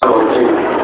Então, okay.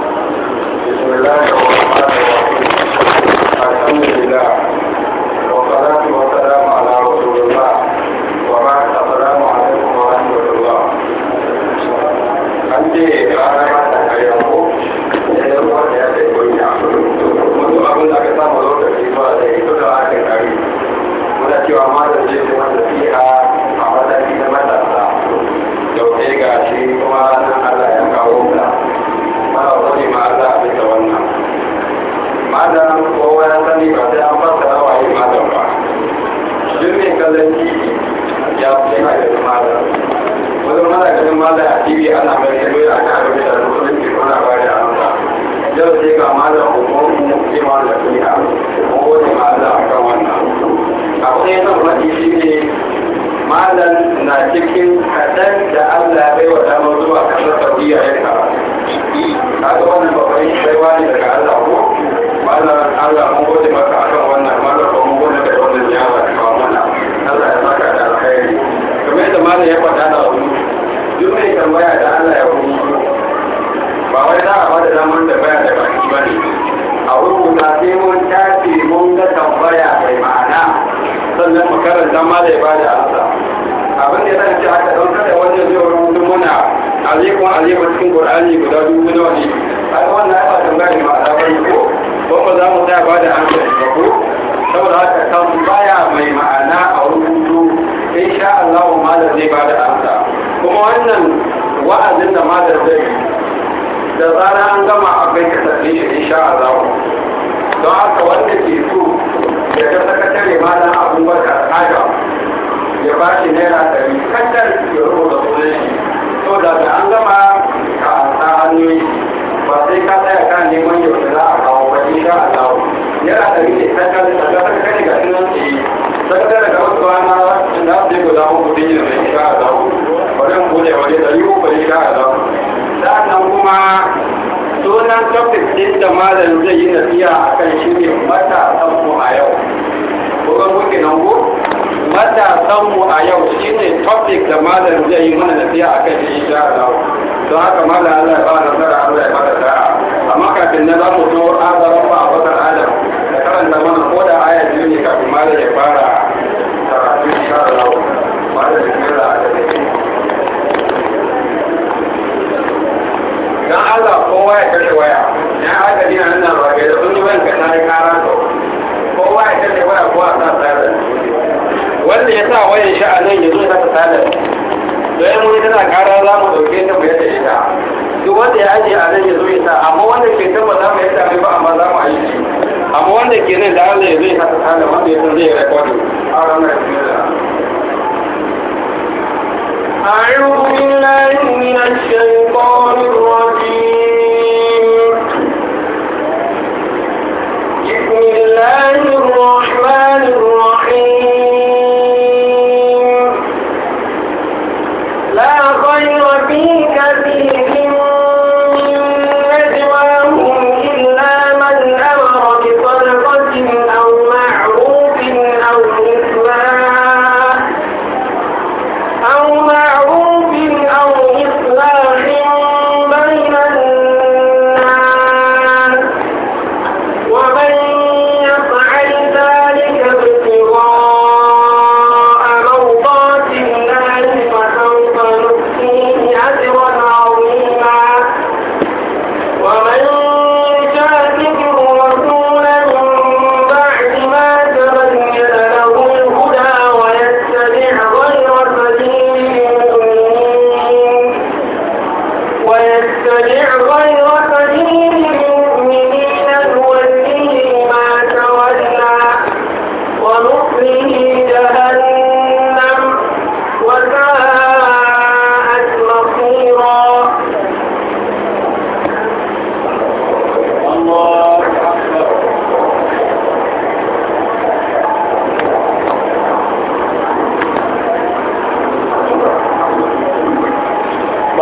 topic da malam zai yi mana nasiha a kai shi sha Allah don haka malam Allah ya ba nasara Allah ya ba da sa'a amma kafin na za mu zo azarar ba a watan adam da karanta mana ko da aya biyu ne kafin malam ya fara karatu sha Allah malam ya kira da dan Allah kowa ya kashe waya ya aka dina nan ba ga da sun yi wani kana ya kara kowa ya kashe waya kowa sa tsare wanda ya sa wayan shi nan ya zo ya saka salar don mun tana kara za mu dauke ta mu yadda ita duk wanda ya ajiye a nan ya zo ya sa amma wanda ke ta ba za mu yadda mai ba amma za mu ayi shi amma wanda ke nan da Allah ya zo ya saka salar wanda ya san zai rekodin a ranar أعوذ بالله من الشيطان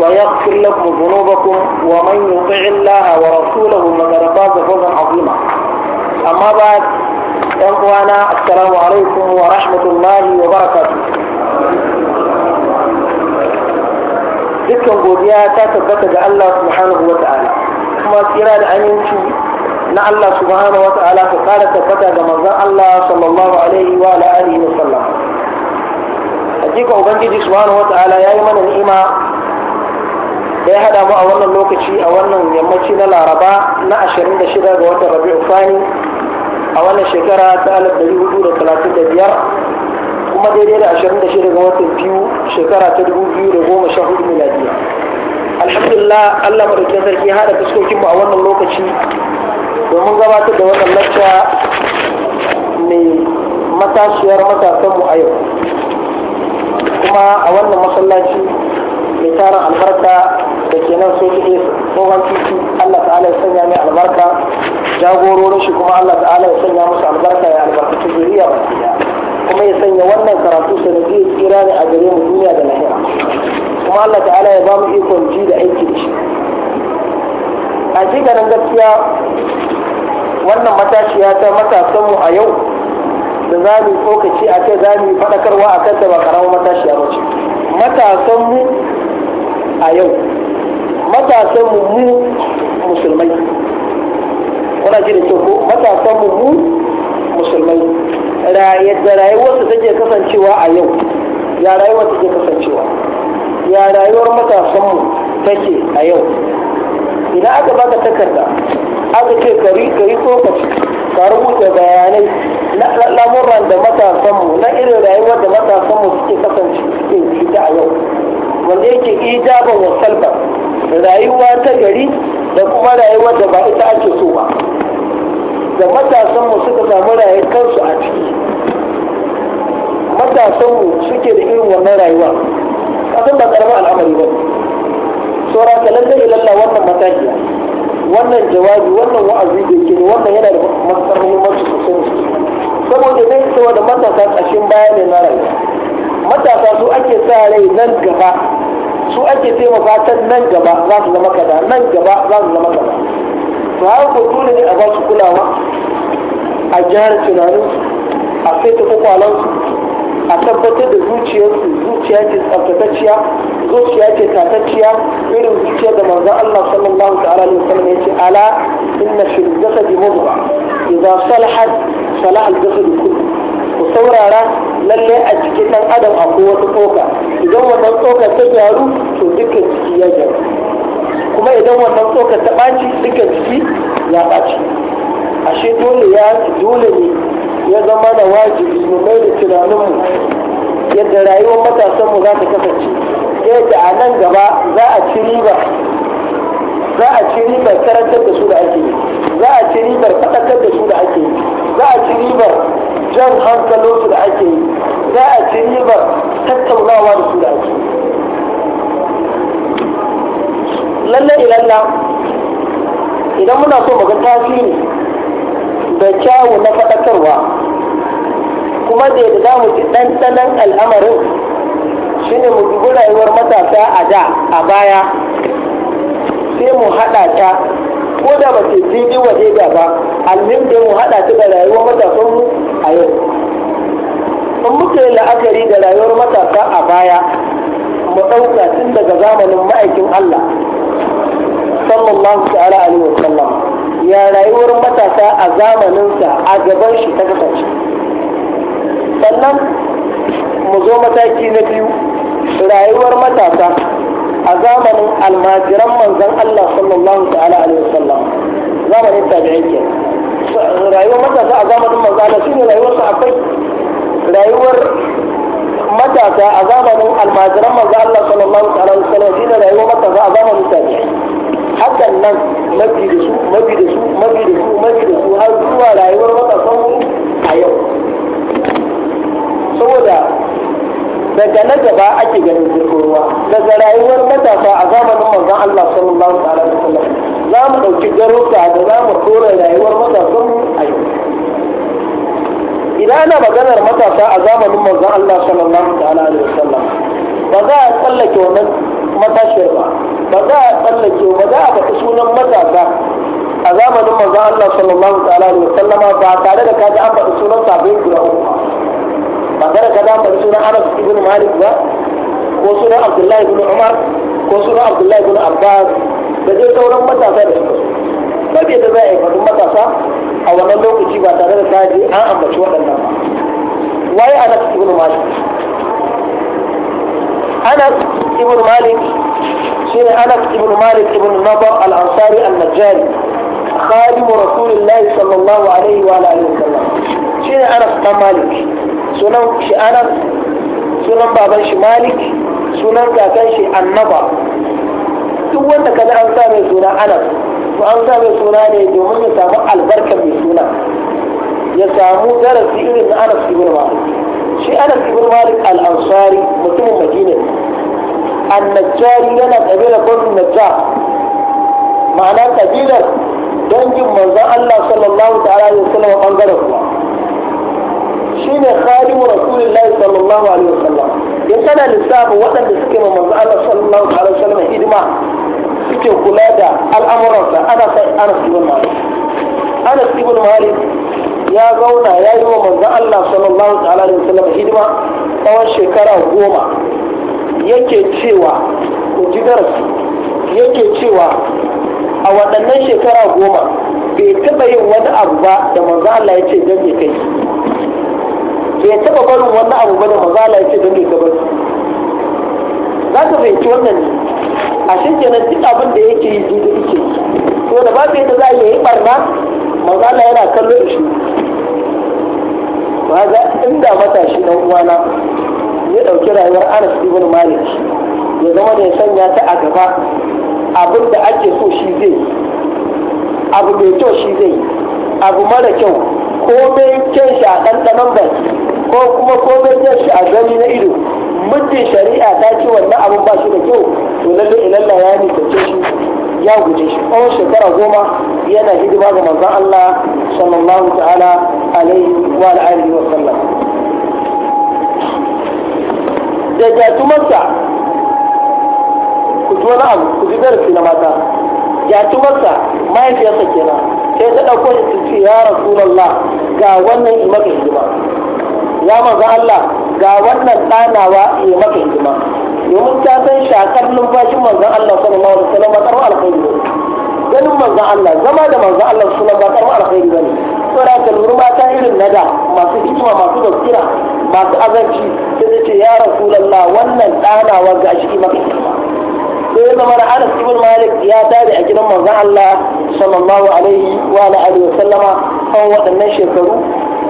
ويغفر لكم ذنوبكم ومن يطع الله ورسوله فقد فاز فوزا عظيما أما بعد إخوانا السلام عليكم ورحمة الله وبركاته dukkan godiya ta tabbata ga Allah subhanahu wa ta'ala kuma tsira da aminci na Allah subhanahu wa ta'ala ta kara tabbata ga manzon Allah sallallahu alaihi wa alihi wa sallam hakika ubangiji subhanahu wa ta'ala yayi mana ni'ima da ya hada mu a wannan lokaci a wannan yammaci na laraba na 26 ga watan rabi'u fani a wannan shekara ta 1435 kuma daidai da 26 ga watan biyu shekara ta 2014 miladiya alhamdulillah allah madaukin sarki hada fuskokin mu a wannan lokaci domin gabatar da wannan lacca mai matashiyar matasanmu a yau kuma a wannan masallaci mai tarin albarka da ke nan so kike tsohon titi Allah ta'ala ya sanya mai albarka jagororin shi kuma Allah ta'ala ya sanya musu albarka ya albarka albarkaci zuriya baki kuma ya sanya wannan karatu sanadiyya tsira ne a gare mu duniya da lahira kuma Allah ta'ala ya ba mu ikon ji da aiki da shi a cikin gaskiya wannan matashiya ta matasanmu a yau da za mu yi tsokaci a kai za mu yi faɗakarwa a kanta ba karamar matashiya ba ce matasanmu a yau matasan mu musulmai kuna ji da kyau ko matasan mu musulmai yadda rayuwarsu take kasancewa a yau ya rayuwar take kasancewa ya rayuwar matasan mu take a yau idan aka baka takarda aka ce kari kari tsokaci ka rubuta bayanai na lamuran da matasan mu na irin rayuwar da matasan mu suke kasance ita a yau wanda yake ijaban wa salba rayuwa ta gari da kuma rayuwa da ba ita ake so ba da matasanmu suka samu rayuwar kansu a ciki matasanmu suke da irin wannan rayuwa kasan ba karamin al'amari ba saura ka lallai ilalla wannan matakiya wannan jawabi wannan wa'azi da yake wannan yana da matsar muhimmanci sosai saboda zai saboda matasa ƙashin baya ne na rayuwa matasa su ake sa rai nan gaba su ake taimaka can nan gaba za su zama kaza nan gaba za su zama kaza to har ko dole ne a ba su kulawa a jihar tunanin a ta saita su a tabbatar da zuciyarsu zuciya ce tsaftatacciya zuciya ce tatacciya irin zuciya da manzon Allah sallallahu ta'ala alaihi wasallam yace ala inna fil jasadi mudghah idza salahat salaha al jasad kullu ku saurara lalle a jiki dan adam akwai wata tsoka idan wannan tsokar ta gyaru to dukkan jiki ya gyaru kuma idan wannan tsokar ta ɓaci dukkan jiki ya ɓaci ashe dole ya dole ne ya zama da wajibi mu mai da tunaninmu yadda rayuwar matasanmu za ta kasance yadda a nan gaba za a ci riba za a ci ribar karantar da su da ake yi za a ci ribar faɗakar da su da ake yi za a ci ribar jan hankalinsu da ake yi za a yi ba tattaunawa da su da ake lallai ilalla idan muna so muga tasiri da kyawu na faɗakarwa kuma da yadda za mu ci ɗanɗanon al'amarin shine mu dubi rayuwar matasa a da a baya sai mu haɗa ta ko da ba ce jirgin waje da ba almin da mu haɗa ta da rayuwar matasanmu a yau in muka yi la'akari da rayuwar matasa a baya mu ɗauka tun daga zamanin ma'aikin Allah sallallahu ta'ala alaihi wa sallam ya rayuwar matasa a zamaninsa a gaban shi ta kasance sannan mu zo mataki na biyu rayuwar matasa a zamanin almajiran manzon Allah sallallahu ta'ala alaihi wa sallam zamanin tabi'ai kenan rayuwar matasa a zamanin manzala shine rayuwar sa akwai rayuwar matasa a zamanin almajiran manzo Allah sallallahu alaihi wasallam shine rayuwar matasa a zamanin tabi'i hakan nan mafi da su mafi da su mafi da su mafi da su har zuwa rayuwar matasan a yau saboda daga na gaba ake ganin zirgin ruwa daga rayuwar matasa a zamanin manzon Allah sallallahu alaihi wasallam الإسلام لو تقدروا تعدنا مكورة إلهي والمتاصم أيوه إذا أنا بقنا المتاصة أزاما مما زال الله صلى الله عليه وسلم بقى أتقلك ومن متاشرة بقى أتقلك وبقى أتقسونا المتاصة أزاما مما زال الله صلى الله عليه وسلم فأتعالي لك هذا أبا أتقسونا صعبين كلا أمها بقى أتقسونا أتقسونا أنس ابن مالك وصونا عبد الله بن عمر وصونا عبد الله بن عباس da dai sauran matasa da suka so saboda da za a yi faɗin matasa a wannan lokaci ba tare da kaji an ambaci waɗannan ba waye anas ibn malik anas ibn malik shine anas ibn malik ibn nadar al-ansari al-najjari خادم رسول الله صلى الله عليه وعلى اله وسلم شنو انس بن مالك سنن شي انس sunan baban shi malik sunan kakan shi annaba duk wanda kaga an sa mai suna anas to an sa mai suna ne domin ya samu albarkar mai suna ya samu darasi irin na anas ibn malik shi anas ibn malik al-ansari mutumin madina annajari yana kabilar banu najjar ma'ana kabilar dangin manzon Allah sallallahu ta'ala alaihi wasallam bangaren kuwa shine khadimu rasulullahi sallallahu alaihi wasallam in kana lissafin waɗanda suke ma manzon Allah sallallahu ta'ala alaihi wasallam hidima yake kula da al'amuransa ana sai ana ibn malik ana ibn malik ya zauna ya yi wa manzan Allah sallallahu alaihi wasallam hidima tsawon shekara goma yake cewa ku ji darasi yake cewa a waɗannan shekara goma bai taɓa yin wani abu ba da manzan Allah ya ce dan kai bai taɓa barin wani abu ba da manzan Allah ya ce dan kai ba za ka fahimci wannan ne a shekenan duk abin da yake yi duk yake to da babu yadda za a yi barna manzala yana kallon shi ba ga inda matashi dan uwana ya dauki rayuwar Anas ibn Malik ya zama da ya sanya ta a gaba abin da ake so shi zai abu mai kyau shi zai abu mara kyau komai kyan shi a ɗanɗanon baki ko kuma komai kyan shi a gani na ido muddin shari'a ta ce wannan abin ba shi da kyau to lalle Allah ya nisance shi ya guje shi tsawon shekara goma yana hidima ga manzon Allah sallallahu ta'ala alaihi wa alihi wa sallam da ga jatumarsa ku ji wani abu ku ji darasi na mata ya jatumarsa mahaifiyarsa kenan sai ta ɗauko shi ta ce ya rasulallah ga wannan imaka hidima ya maza Allah ga wannan ɗanawa ya maka hidima domin ta san shakar numfashin manzan Allah sallallahu alaihi wasallam ba karo alkhairi ne ganin manzan Allah zama da manzan Allah suna ba karo alkhairi bane saboda ka lura mata irin da masu hikima masu basira masu azanci sai ta ce ya rasu rasulullah wannan ɗanawa ga shi maka hidima sai zama da Anas ibn Malik ya tare a gidan manzan Allah sallallahu alaihi wa alihi wa sallama kan waɗannan shekaru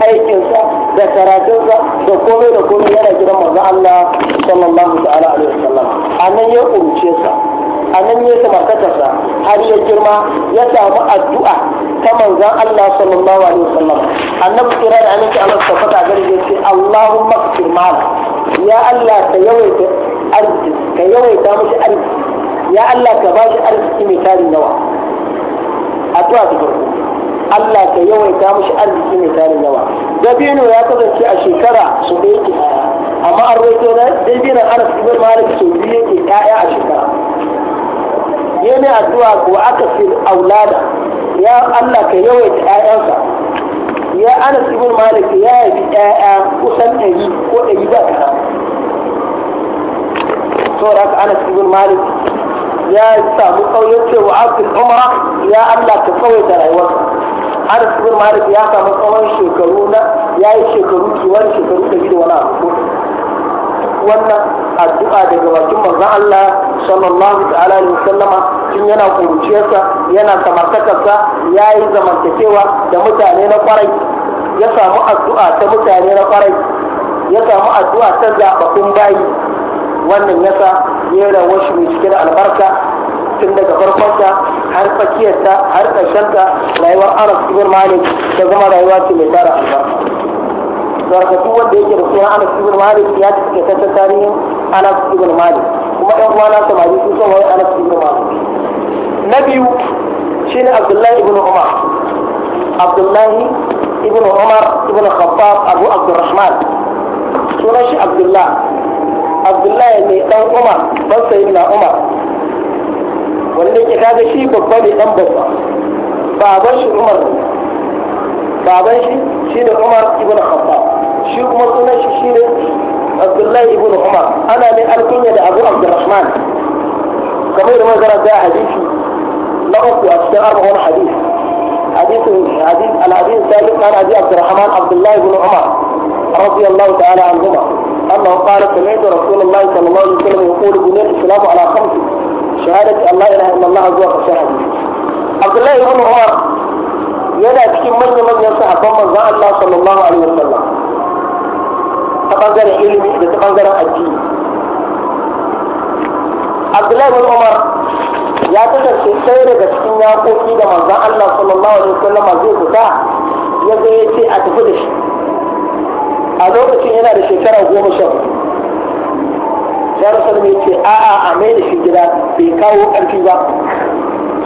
aikinsa da karatunsa da komai da komai yana gidan manzon Allah sallallahu ta'ala alaihi wasallam anan ya umce sa anan ya samartakarsa har ya girma ya samu addu'a ta manzon Allah sallallahu alaihi wasallam annabi kira da annabi Allah ta faɗa gari ya ce Allahumma kfir mala ya Allah ka yawaita arziki ka yawaita mishi arziki ya Allah ka bashi arziki mai tarin yawa addu'a ta farko Allah ka yawaita mushi arziki mai tarin yawa dabino ya kasance a shekara su da yake amma an roƙo na dabino anas ibn malik su biyu yake ƴaƴa a shekara yana addu'a ko aka fi aulada ya Allah ka yawaita ƴaƴansa ya anas ibn malik ya yi ƴaƴa kusan ɗari ko ɗari ba ka? saboda haka anas ibn malik ya samu kauyen cewa abin umara ya Allah ka kawai da rayuwarsa har sun malik ya samu tsawon shekaru na ya yi shekaru kiwon shekaru da biyu wani abu wannan addu'a daga bakin manzon Allah sallallahu ta'ala alaihi sallama tun yana kuruciyarsa yana samartakarsa ya yi zamantakewa da mutane na kwarai ya samu addu'a ta mutane na kwarai ya samu addu'a ta zaɓaɓɓun bayi wannan yasa ya da wasu mai cikin albarka tun daga farkonta har tsakiyarta har ƙarshenta rayuwar anas ibn malik da kuma rayuwa ce mai tara wanda yake da sunan anas ibn malik ya tarihin anas ibn malik kuma ɗan samari wani anas ibn malik na biyu shine abdullahi ibn umar abdullahi ibn umar ibn khattab abu abdurrahman sunan shi abdullahi mai umar ban umar wanda ke kaga shi babba ne dan babba baban shi umar baban shi shi ne umar ibn khattab shi kuma sunan shi shi ne abdullahi ibn umar ana ne alkunya da abu abdurrahman kamar yadda mun karanta hadisi na uku a cikin arba'un hadisi حديث al الحديث sai kan ابي عبد الرحمن عبد الله بن عمر رضي الله تعالى عنهما انه قال سمعت رسول الله صلى الله عليه وسلم يقول بني الاسلام على خمس shahadati Allah ilaha illallah zuwa ƙarshen hadisi Abdullahi ibn Umar yana cikin manyan manyan sahabban manzon Allah sallallahu alaihi wasallam ta bangaren ilimi da ta bangaren addini Abdullahi ibn Umar ya kasance sai daga cikin yaƙoƙi da manzon Allah sallallahu alaihi wasallam zai fita ya ga ya ce a tafi da shi a lokacin yana da shekara goma sha hudu ya rasu ne ce a a mai da shi gida bai kawo ƙarfi ba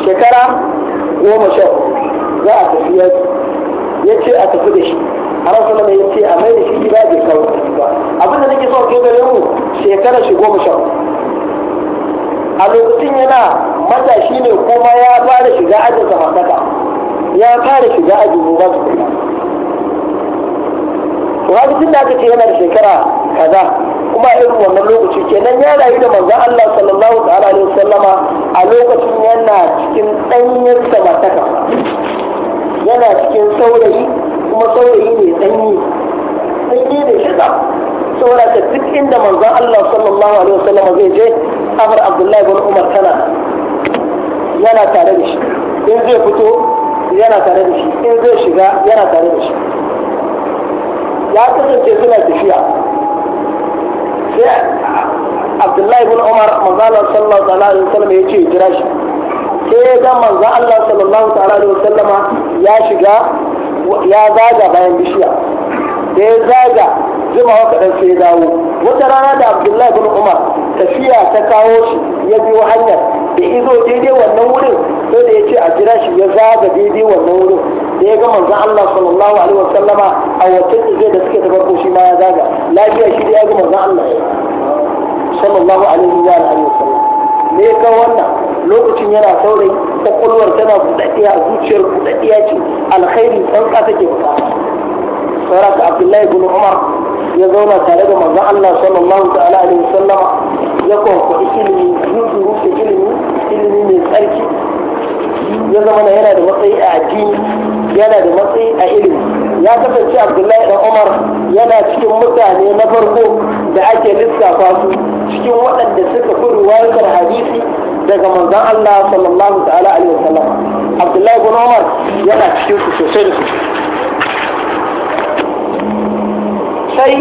shekara goma sha za a tafi ya ce a tafi da shi a rasu ne ya ce a mai da shi gida bai kawo ƙarfi ba abinda nake so ke gare mu shekara shi goma sha a lokacin yana matashi ne kuma ya fara shiga ajin zamantaka ya fara shiga ajin ba su kuma. Wani tun da aka ce yana da shekara kaza kuma irin wannan lokaci kenan ya rayu da manzon Allah sallallahu ta'ala alaihi wasallama a lokacin yana cikin danyen samataka, yana cikin saurayi kuma saurayi ne danyi danyi da shiga saboda ta duk inda manzon Allah sallallahu alaihi wasallama zai je Amr Abdullahi bin Umar tana yana tare da shi in zai fito yana tare da shi in zai shiga yana tare da shi ya kasance suna tafiya sai abdullahi bin umar sallallahu alaihi wasallam jira shi sai ga manzo Allah sallallahu alaihi wasallama ya shiga ya zaga bayan bishiya da ya zaga zuma wa sai dawo wata rana da abdullahi bin umar tafiya ta kawo shi ya biyo hanyar da izo daidai wannan wurin sai da yace a jira shi ya zaga daidai wannan wurin da ya ga manzon Allah sallallahu alaihi sallama a wacin da da suke tabar ko shi ma ya zaga lafiya shi da ya ga manzon Allah ya sallallahu alaihi wa alihi wasallam me ya kawo wannan lokacin yana saurayi kwakwalwar tana buɗaɗɗiya zuciyar buɗaɗɗiya ce alkhairi ɗan ƙasa ke bukata sauran abdullahi bin umar ya zauna tare da manzon Allah sallallahu ta'ala wa sallama ya kwankwaɗi ilimi rufe ilimi ilimi mai tsarki ya zama na yana da matsayi a addini yana da matsayi a ilimi ya kasance abdullahi dan umar yana cikin mutane na farko da ake lissafa su cikin waɗanda suka fi ruwayar hadisi daga manzon Allah sallallahu ta'ala alaihi wasallam abdullahi bin umar yana cikin su sosai da sosai sai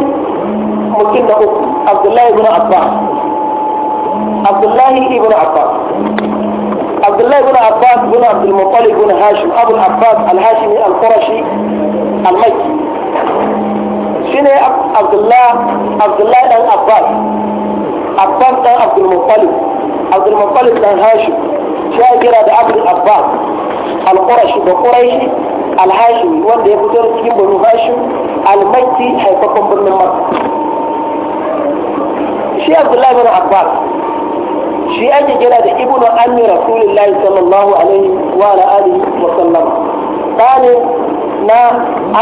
mutum da uku abdullahi bin abbas abdullahi ibn abbas عبد الله بن عباس بن عبد المطلب بن هاشم أبو العباس الهاشمي القرشي المكي شنو عبد الله عبد الله بن عباس عباس بن عبد المطلب عبد المطلب بن هاشم شاكر عبد العباس القرشي بقريشي alhashimi wanda ya fito da cikin banu hashim almaiti haifafan birnin makka shi abdullahi bin abbas shi ake kira da ibnu ammi rasulillahi sallallahu alaihi wa ala alihi wa sallam tsane na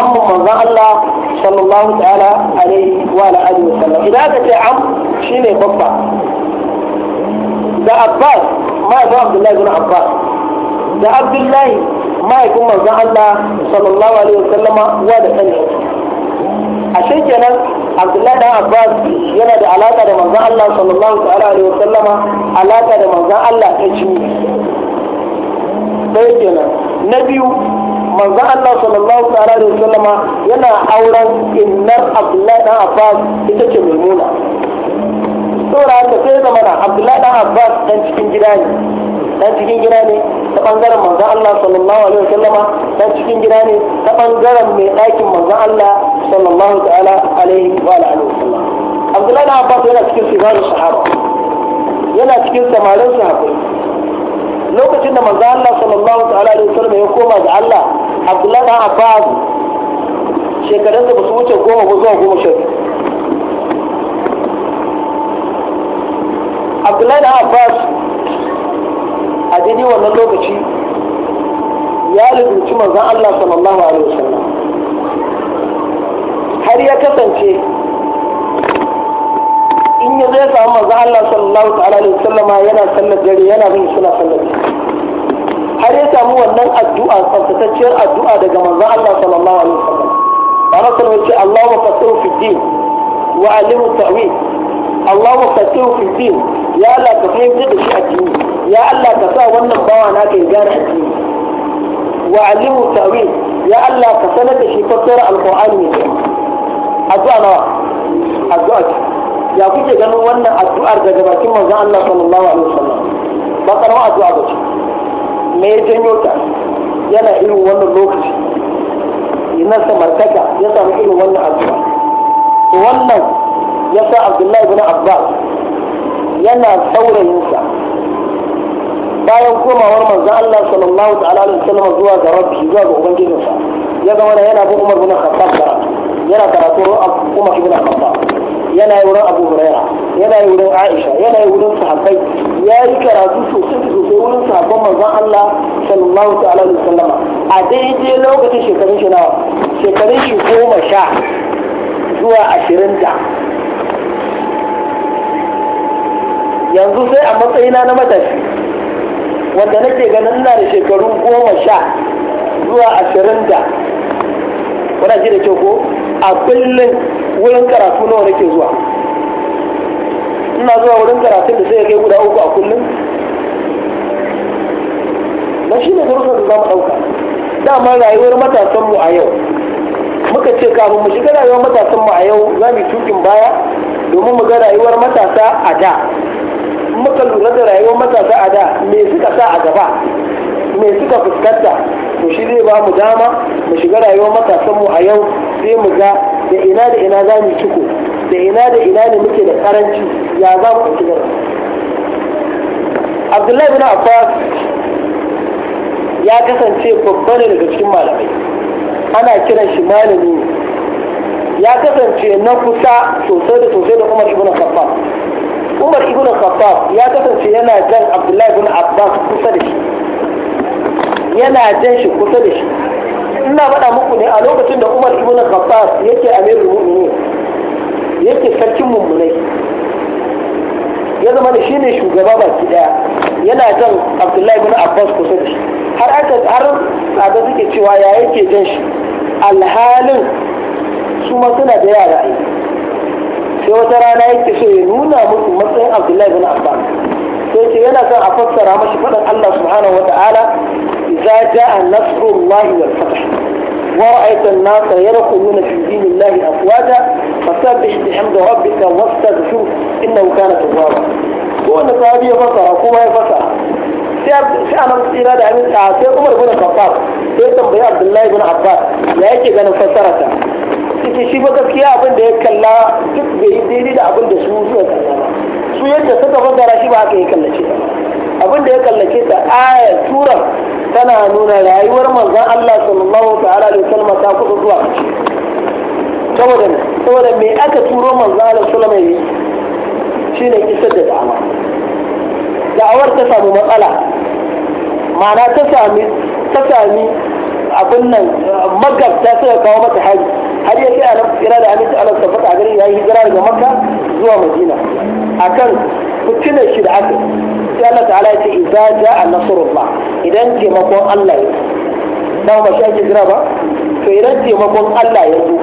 ammu manzon Allah sallallahu ta'ala alaihi wa ala alihi wa sallam idan aka ce am shine babba da abbas ma ga abdullahi ibn abbas da abdullahi ma yakun manzon Allah sallallahu alaihi wa sallama wa da sanin ashe kenan abdullahi dan abbas yana da alaka da manzon allah sallallahu alaihi wa sallama alaka da manzon allah ta ci ɗaya kenan na biyu manzon allah sallallahu alaihi wa sallama yana auren innar abdullahi dan abbas ita ce mai maimuna saboda haka sai zamana abdullahi dan abbas dan cikin gida ne dan cikin gida ne ta bangaren manzon Allah sallallahu alaihi wasallama dan cikin gida ne ta bangaren mai ɗakin manzon Allah sallallahu ta'ala alaihi wa alihi wasallam Abdullahi Abbas yana cikin sigarin sahaba yana cikin samarin sahabbai lokacin da manzon Allah sallallahu ta'ala alaihi wasallam ya koma ga Allah Abdullahi Abbas shekarunsa ba su wuce goma ba zuwa goma sha biyu Abdullahi Abbas a daidai wannan lokaci ya rubuci manzon Allah sallallahu alaihi wasallam har ya kasance in ya zai samu manzon Allah sallallahu alaihi wasallama yana sallar dare yana bin suna sallar har ya samu wannan addu'a tsaftatacciyar addu'a daga manzon Allah sallallahu alaihi wasallam ba na sallar ce Allahumma fasiru fi din wa alimu ta'wil Allahumma fasiru fi din ya la ka da shi addini يا الله تساوى النبوة لكن جارع الدين وعلموا التأويل يا الله تسلت في فطر القرآن من جمع أدوانا أدوانا يا فيك جنو أن أدوار جبا كما جاء الله صلى الله عليه وسلم بطر ما أدوانا ميجن يوتا يلا إلو وانا لوكت ينسى مرتكا يسا إلو وانا أدوانا وانا يسا عبد الله بن عباس يلا ثورة إنسان bayan komawar ma Allah sallallahu ta'ala alaihi wasallam zuwa ga rabbi zuwa ga ubangijinsa ya zama da yana bin Umar bin Khattab karatu yana karatu Umar bin Khattab yana yi wurin Abu Huraira yana yi wurin Aisha yana yi wurin sahabbai ya yi karatu sosai sosai wurin sahabban manzon Allah sallallahu ta'ala alaihi wasallam a daidai lokacin shekarun shi nawa shekarun shi goma sha zuwa ashirin da yanzu sai a matsayina na matashi wanda nake ganin na da shekaru goma sha zuwa ashirin da wana ji da kyau ko a kullum wurin karatu nawa nake zuwa ina zuwa wurin karatu da sai ya kai guda uku a kullum na shi ne darussan da za mu ɗauka dama rayuwar matasanmu a yau muka ce kafin mu shiga rayuwar matasanmu a yau za mu tukin baya domin mu ga rayuwar matasa a da muka lura da rayuwar matasa a da me suka sa a gaba me suka fuskanta to shi zai ba mu dama mu shiga rayuwar matasanmu a yau sai mu ga da ina da ina za mu ciko da ina da ina ne muke da karanci ya za mu ɗauki abdullahi bin abbas ya kasance babba ne daga cikin malamai ana kiran shi malami ya kasance na kusa sosai da sosai da shi ibn khattab umar ibn khattab ya kasance yana jan abdullahi ibn abbas kusa da shi yana jan shi kusa da shi ina faɗa muku ne a lokacin da umar ibn khattab yake amirul mu'minin yake sarkin mummunai ya zama da shine shugaba baki daya yana jan abdullahi ibn abbas kusa da shi har aka har tsada suke cewa ya yake jan shi alhalin su ma suna da yara aiki sai wata rana yake so ya nuna musu matsayin abdullahi bin abbas sai ce yana son a fassara mashi faɗin allah subhanahu wa ta'ala idza ja'a nasrullahi wal fath wa ra'aita an-nasa yadkhuluna fi dinillahi afwaja fasabbih bihamdi rabbika wastaghfir innahu kana tawwaba ko wanda sahabi ya fassara kuma ya fassara sai anan tsira da amin sai umar bin khattab sai tambayi abdullahi bin abbas ya yake ganin fassarata ciki shi ba gaskiya abin da ya kalla duk bai yi daidai da abin da su suka kalla ba su yadda suka fassara shi ba haka ya kallace ta abin da ya kallace ta ayar tura tana nuna rayuwar manzan Allah sallallahu ta'ala da wasallam ta kudu zuwa kace saboda saboda me aka turo manzon Allah sallallahu alaihi wasallam shine kisar da dama da'awar ta samu matsala ma'ana ta sami ta sami abin nan magabta suka kawo mata hari har ya kai nan kira da aminci Allah tabbata a gari yayi hijira daga Makka zuwa Madina akan fitinar shi da aka sai Allah ta'ala ya ce ja ja'a nasrullah idan taimakon Allah ya dawo ba shi ake jira ba to idan taimakon Allah ya zo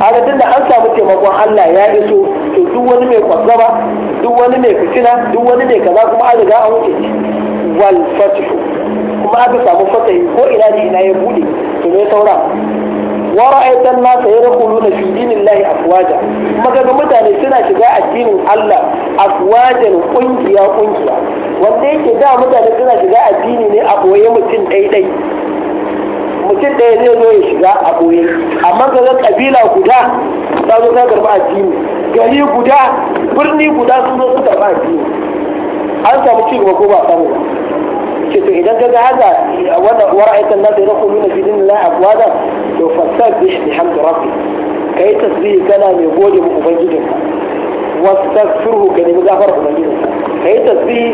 haka tunda an samu taimakon Allah ya iso to duk wani mai kwazaba duk wani mai fitina duk wani mai kaza kuma an riga an wuce wal fatihu kuma aka samu fatahi ko ina ne ina ya bude to ne saura na wa ra'aytan nas na fi dinillahi afwaja kuma kaga mutane suna shiga addinin Allah afwajan kungiya kungiya wanda yake da mutane suna shiga addini ne a boye mutum daidai mutum ɗaya ne zo ya shiga a ɓoye amma ka ga ƙabila guda ta zo ta karɓi addini gari guda birni guda sun zo su karɓi addini an samu ci gaba ko ba samu to idan ka ga haka wara'aitan nasu ya rasu nuna bidin la afwaza to fasar bi shi rabbi kai tasbihi kana mai gode mu ubangijinka wastaghfiruhu ka nemi gafara ubangijinka kai tasbihi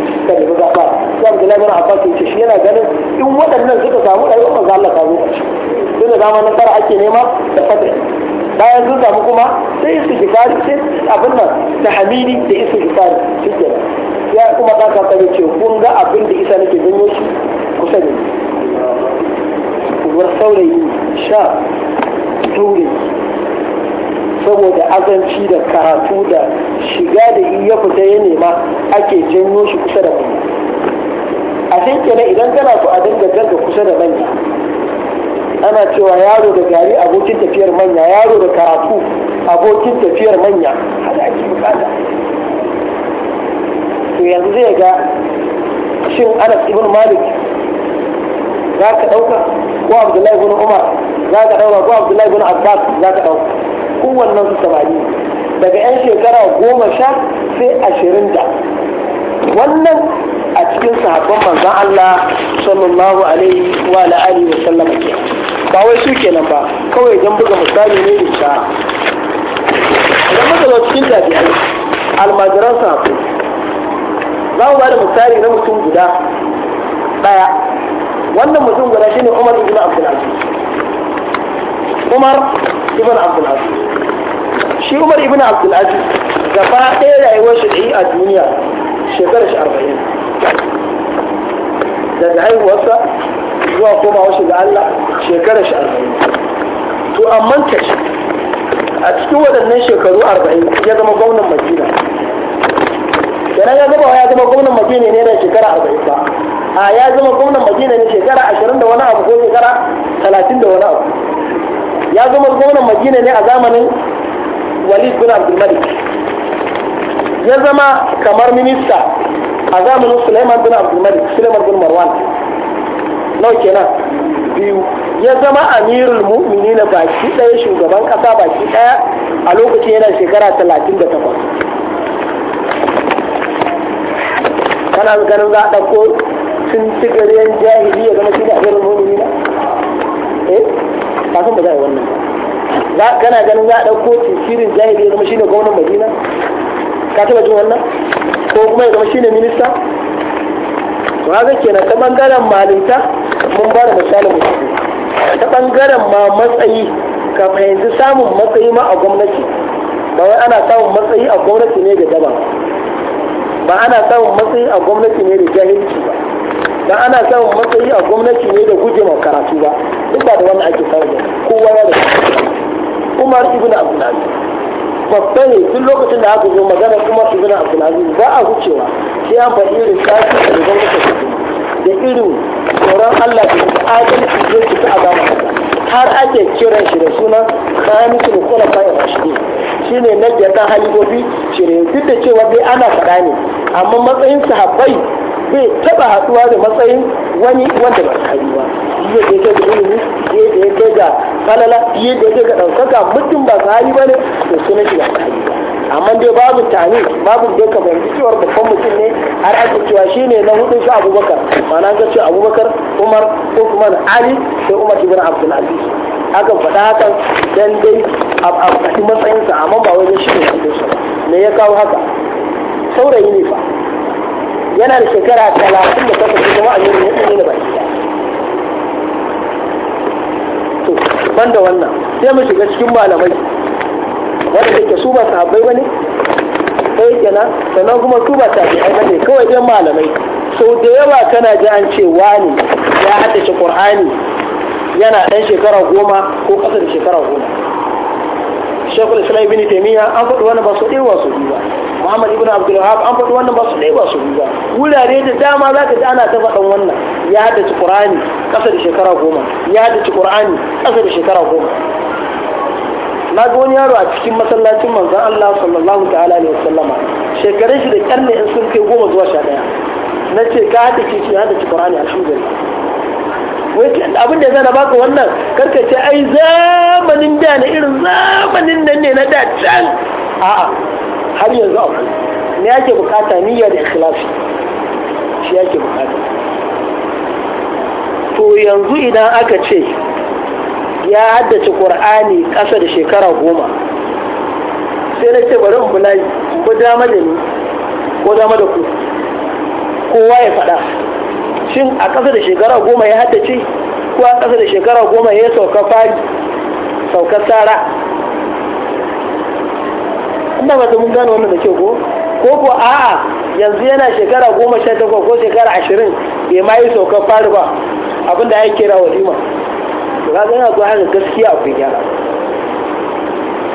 gafara sai Abdullahi bin Abbas ce shi yana ganin in waɗannan suka samu da yawan manzo Allah ta zo sai da zama nasara ake nema da fadar bayan sun samu kuma sai istighfari sai abin nan ta hamidi da istighfari shi kenan ya kuma ka kan ne ce kun ga abin da isa nake janyo shi kusa ne kuma saurayi sha tauri saboda azanci da karatu da shiga da iya fita ya nema ake janyo shi kusa da manya a cikin kenan idan kana so a dinga garga kusa da manya ana cewa yaro da gari abokin tafiyar manya yaro da karatu abokin tafiyar manya hada ake bukata to yanzu zai ga shin anas ibn malik za ka ɗauka ko abdullahi ibn umar za ka ɗauka ko abdullahi ibn abbas za ka ɗauka kowannen su samani daga 'yan shekara goma sha sai ashirin da wannan a cikin sahabban manzan Allah sallallahu alaihi wa alihi wa sallam ba wai su kenan ba kawai don buga misali ne da idan muka zo cikin tabi'ai almajiran sahabbai za mu bada da misali na mutum guda ɗaya wannan mutum guda shine umar ibn abdulaziz umar ibn abdulaziz shi umar ibn abdulaziz gaba ɗaya rayuwar shi a duniya shekarar shi arba'in daga haihuwarsa zuwa komawa shi ga Allah shekarar shi arba'in to amma ta a cikin waɗannan shekaru arba'in ya zama gwamnan madina kenan ya zama ya zama gwamnan madina ne da shekara arba'in ba a ya zama gwamnan madina ne shekara ashirin da wani abu ko shekara talatin da wani abu ya zama gwamnan madina ne a zamanin walid bin abdulmalik ya zama kamar minista a zamanin suleiman bin abdulmalik suleiman bin marwan nau kenan biyu ya zama amirul mu'mini na baki ɗaya shugaban ƙasa baki ɗaya a lokacin yana shekara talatin da takwas kana ganin za a ɗauko sun ci gariyan jahili ya zama shi ne amirul mu'minin eh kafin ba za a yi wannan ba kana ganin za a ɗauko tisirin jahili ya zama shi ne gwamnan madina ka taɓa jin wannan ko kuma ya zama shi ne minista to haka kenan ta ɓangaren malinta mun ba da misalin musulmi ta ɓangaren ma matsayi ka fahimci samun matsayi ma a gwamnati ba wai ana samun matsayi a gwamnati ne ga daban ba ana samun matsayi a gwamnati ne da jahilci ba ba ana samun matsayi a gwamnati ne da guje ma karatu ba duk ba da wannan ake samu kowa ya da Umar ibn Abdul Aziz ne duk lokacin da aka zo magana Umar ibn Abdul Aziz ba a wucewa sai an faɗi irin a da gwamnati ta da irin tsoron Allah da adalci zai fita a zamanin har ake kiran shi da sunan khamisul khulafa ne rashidin ne na jata halibobi shine duk da cewa bai ana faɗa ne amma matsayin sahabbai bai taba haɗuwa da matsayin wani wanda ba sahabi ba yi da yake da ilimi yi da yake da falala yi da yake ga ɗaukaka mutum ba sahabi ba ne da suna shi ba sahabi ba amma dai babu tani babu dai ka fahimci cewar babban mutum ne har ake cewa shine na hudun shi abubakar ma'ana ga ce abubakar umar usman ali sai umar ibn abdul aziz akan faɗa hakan dan dai a faɗi matsayinsa amma ba wajen shi ne hudunsa me ya kawo haka saurayi ne fa yana da shekara talatin da takwas kuma a yau ne da baki to ban da wannan sai mu shiga cikin malamai wanda ke su ba sahabbai bane sai kenan sannan kuma su ba tabi'ai bane kawai dai malamai sau da yawa kana ji an ce wani ya haddace qur'ani yana dan shekara goma ko kasa da shekara goma shekul islam ibn taymiya an faɗi wannan ba su ɗaya ba su biyu ba muhammad ibn abdul wahab an faɗi wannan ba su ɗaya ba su biyu ba wurare da dama za ka ji ana ta faɗan wannan ya haddace qur'ani kasa da shekara goma ya haddace qur'ani kasa da shekara goma na ga wani yaro a cikin masallacin manzan Allah sallallahu ta'ala ne wasallama shekarun shi da karne in sun kai goma zuwa sha na ce ka haɗa ke shi haɗa ki Qur'ani alhamdulillah wai abin da zana baka wannan karka ce ai zamanin da ne irin zamanin nan ne na da can a'a har yanzu a akwai ne yake bukata niyya da ikhlasi shi yake bukata to yanzu idan aka ce ya haddace ƙur'ani ƙasa da shekara goma sai na ce bari in bulayi ko dama da ni ko dama da ku kowa ya faɗa shin a ƙasa da shekara goma ya haddace ko a ƙasa da shekara goma ya sauka fari sauka tsara ina ba mun gane wannan da ke ko ko ko a'a yanzu yana shekara goma sha takwas ko shekara ashirin bai ma yi sauka fari ba abinda ya kera walima kaga yana zuwa haka gaskiya akwai gyara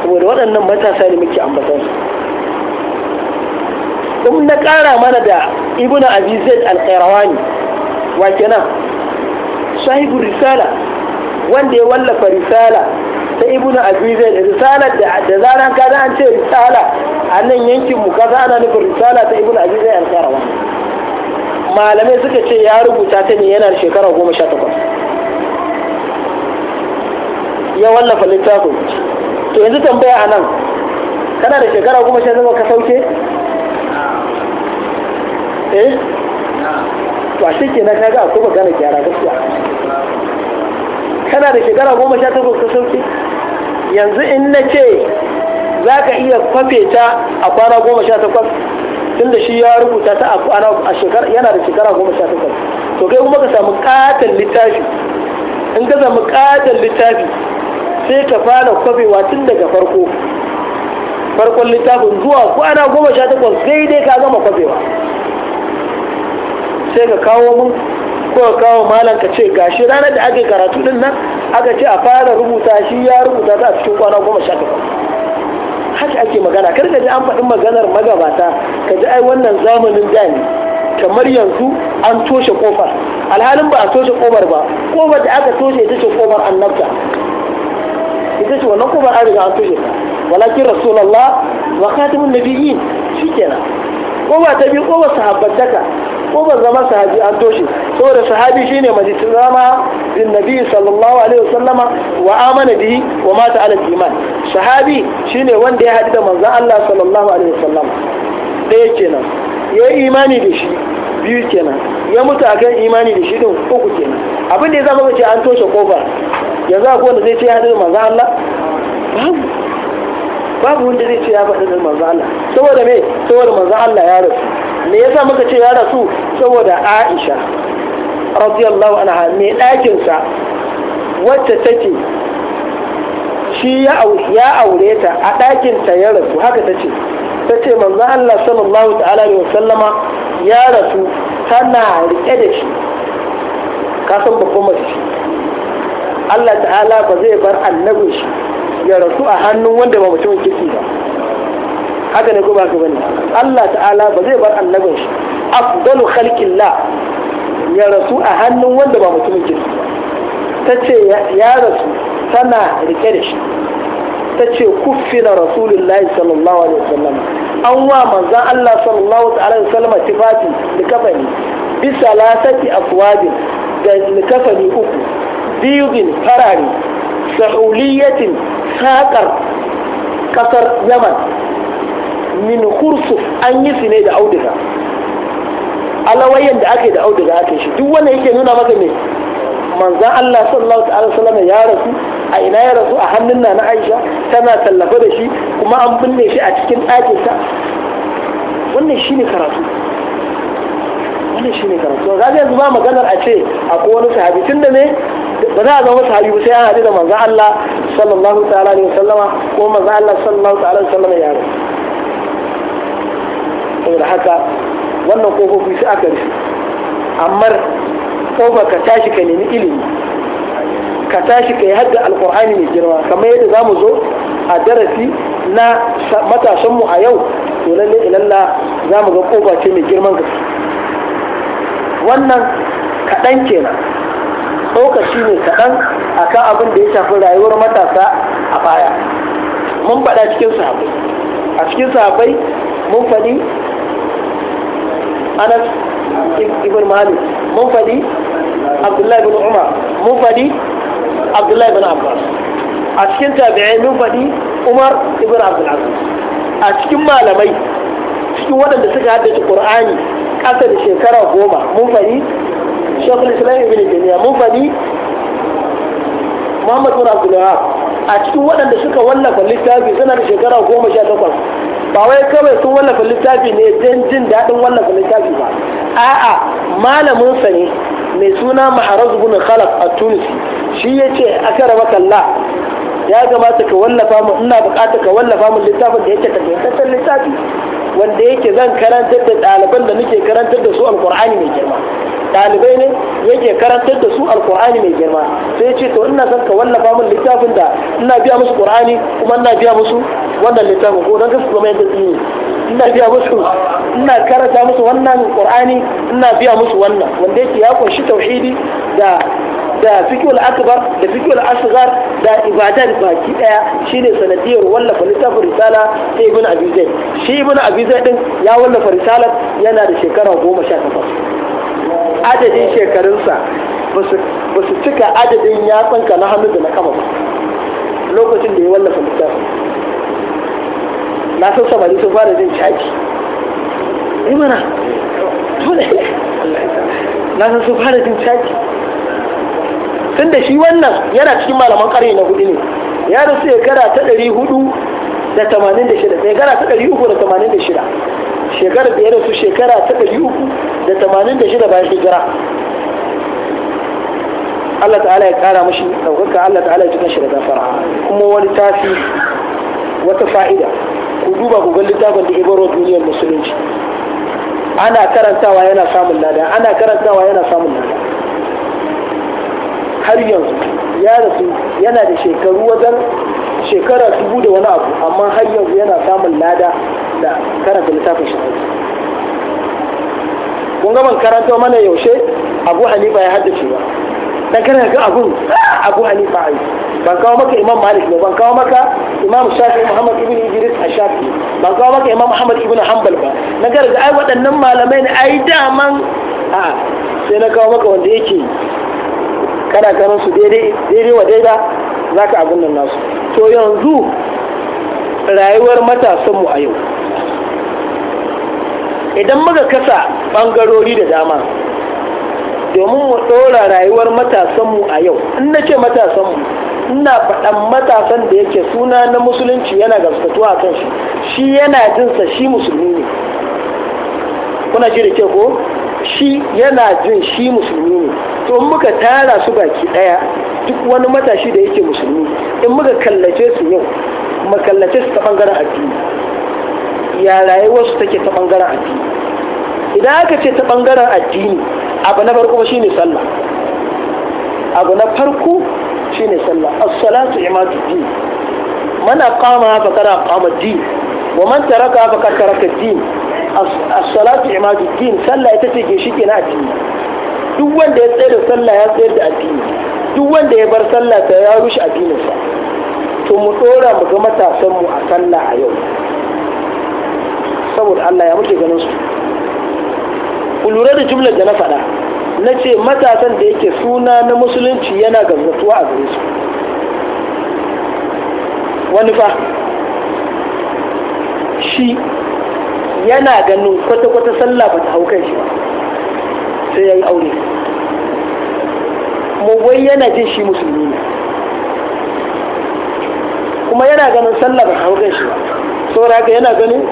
saboda waɗannan matasa ne muke ambatan su kuma na ƙara mana da ibn abi zaid al-qayrawani wa kenan sahibu risala wanda ya wallafa risala ta ibn abi zaid risala da da zaran ka an ce risala a nan yankin mu kaza ana nufin risala ta ibn abi zaid al-qayrawani malamai suka ce ya rubuta ta ne yana shekara goma sha takwas ya wallafa littafin to yanzu tambaya a nan kana da shekara kuma sha zama ka sauke eh to a shi na kaga kuma gane gyara gaskiya kana da shekara goma sha takwas ka sauke yanzu in na ce za ka iya kwafe ta a kwana goma sha takwas tun da shi ya rubuta ta a kwana a shekara yana da shekara goma sha takwas to kai kuma ka samu katon littafi in ka samu katon littafi sai ka fara kwafewa tun daga farko farkon littafin zuwa kwana goma sha takwas sai dai ka gama kwafewa sai ka kawo mun ko ka kawo malam ka ce gashi ranar da ake karatu din nan aka ce a fara rubuta shi ya rubuta ta a cikin kwana goma sha takwas haka ake magana kar ka ji an faɗi maganar magabata ka ji ai wannan zamanin da kamar yanzu an toshe kofar alhalin ba a toshe kofar ba kofar da aka toshe ita ce kofar annabta ita ce wannan ko ba a riga an kashe ta walakin rasulullah wa khatimun nabiyyin shikenan ko ba ta bi ko ba sahabbantaka ko ba zama sahabi an toshe saboda sahabi shine mace ta zama bin nabi sallallahu alaihi wasallama wa amana bihi wa mata ala iman sahabi shine wanda ya hadu da manzon Allah sallallahu alaihi wasallama ɗaya kenan ya yi imani da shi biyu kenan ya mutu akan imani da shi din uku kenan abin da ya zama ce an toshe kofa yanzu akwai wanda zai ce ya da manzo Allah babu wanda zai ce ya faɗi da manzo Allah saboda me saboda manzo Allah ya rasu me yasa muka ce ya rasu saboda Aisha radiyallahu anha me ɗakin sa wacce take shi ya aure ta a ɗakin ta ya rasu haka ta ce ta ce manzo Allah sallallahu ta'ala alaihi wasallama ya rasu tana rike da shi ka san babban mace Allah ta'ala ba zai bar annabin shi ya rasu a hannun wanda ba mutumin kisi ba haka ne ko ba ka bane Allah ta'ala ba zai bar annabin shi afdalu khalqillah ya rasu a hannun wanda ba mutumin kisi ba tace ya rasu tana rike da shi tace kuffina rasulullahi sallallahu alaihi wasallam an wa manzon Allah sallallahu alaihi wasallam tifati da kafani bisa lasati afwajin da kafani uku biyudin farare sa'uliyatin saƙar ƙasar yaman min hursuf an yi su ne da auduga alawayen da yi da auduga ake shi duk wanda yake nuna maka ne manzan Allah sallallahu ta'ala sallama ya rasu a ina ya rasu a hannun na na Aisha tana tallafa da shi kuma an binne shi a cikin ɗakinsa wannan shine karatu wannan shine karatu ga yanzu ba maganar a ce akwai wani sahabi tun da ne ba za a zama masa Habibu sai an haɗu da manzon Allah sallallahu ta'ala alaihi wasallama ko manzon Allah sallallahu ta'ala alaihi wasallama yaro rasu saboda haka wannan kofofi su aka rufe amma ba ka tashi ka nemi ilimi ka tashi ka yi hadda alkur'ani mai girma kamar yadda za mu zo a darasi na matasanmu a yau to lalle ilalla za mu ga kofa ce mai girman gaske wannan kaɗan kenan tsokaci ne kaɗan a kan abin da ya shafi rayuwar matasa a baya mun faɗa cikin sahabai a cikin sahabai mun faɗi anas ibn malik mun faɗi abdullahi bin umar mun faɗi abdullahi bin abbas a cikin tabi'ai mun faɗi umar ibn abdullahi a cikin malamai cikin waɗanda suka haddace ƙur'ani ƙasa da shekara goma mun faɗi shekul islam ibn jamia mun faɗi muhammad bin abdulwahab a cikin waɗanda suka wallafa littafi suna da shekara goma sha takwas ba wai kawai sun wallafa littafi ne don jin daɗin wallafa littafi ba a'a malamin sa mai suna maharaz bin khalaf a tunisi shi ya ce a raba kalla ya gabata ka wallafa mu ina buƙatar ka wallafa mu littafin da yake takaitaccen littafi wanda yake zan karantar da ɗaliban da nake karantar da su alkur'ani mai girma ɗalibai ne yake karantar da su Alƙur'ani mai girma sai ce to ina son ka wallafa min littafin da ina biya musu ƙur'ani kuma ina biya musu wannan littafin ko don kasu zama yadda tsini ina biya musu ina karanta musu wannan qur'ani ina biya musu wannan wanda yake ya kunshi tauhidi da da fikul akbar da fikul asghar da ibadat baki daya shine sanadiyar wallafa littafin risala ta ibn abi zaid shi ibn abi zaid din ya wallafa risalar yana da shekara 18 adadin shekarunsa ba su cika adadin yatsanka na hannu da na kama ba lokacin da ya wallafa littafin na san samari sun fara jin caji yi eh mana dole na san sun fara jin caji tun da shi wannan yana cikin malaman ƙarni na hudu ne ya rasu shekara ta ɗari hudu da tamanin da shida shekara ta ɗari uku da tamanin da shida shekara da ya rasu shekara ta ɗari uku da tamanin da shida bayan hijira Allah ta'ala ya kara mashi ɗaukaka Allah ta'ala ya cikin shi da gafara kuma wani tafi wata fa'ida duba ku ga littafin da ibaro duniyar musulunci ana karantawa yana samun lada ana karantawa yana samun lada har yanzu ya rasu yana da shekaru wajen shekara dubu da wani abu amma har yanzu yana samun lada da karanta littafin shahadi kun gaban karanta mana yaushe abu hanifa ya haddace ba dan kana ga abu ah, abu hanifa ai ban kawo maka imam malik ne ban kawo maka imam shafi muhammad ibn idris a shafi ba kawo maka imam muhammad ibn hanbal ba na garga ai waɗannan malamai ne ai daman a sai na kawo maka wanda yake kana ganin su daidai wa daida za ka abin nan nasu to yanzu rayuwar matasanmu a yau idan muka kasa ɓangarori da dama domin mu ɗora rayuwar matasanmu a yau in na ce matasanmu ina faɗan matasan da yake suna na musulunci yana gaskatuwa kan shi shi yana jinsa shi musulmi ne kuna ji da ke ko shi yana jin shi musulmi ne to muka tara su baki ɗaya duk wani matashi da yake musulmi in muka kallace su yau kallace su ta ɓangaren addini ya su take ta ɓangaren addini idan aka ce ta ɓangaren addini abu na farko shine sallah abu na farko ne sallah assalatu salatu imadu din man aqama kana aqama din wa man taraka faqad taraka din as-salatu imadu din sallah ita ce ke na addini duk wanda ya tsaya da sallah ya tsayar da addini duk wanda ya bar sallah ta ya rushe addininsa to mu dora mu ga matasan mu a sallah a yau saboda Allah ya muke ganin su ku lura da jumlar da na faɗa na ce matasan da yake suna na musulunci yana gazzatuwa a gare su wani fa shi yana ganin kwata-kwata sallah ba ta hau kan shi sai ya yi aure mawai yana jin shi musulmi ne kuma yana ganin sallah ba hau kan shi ba saboda haka yana ganin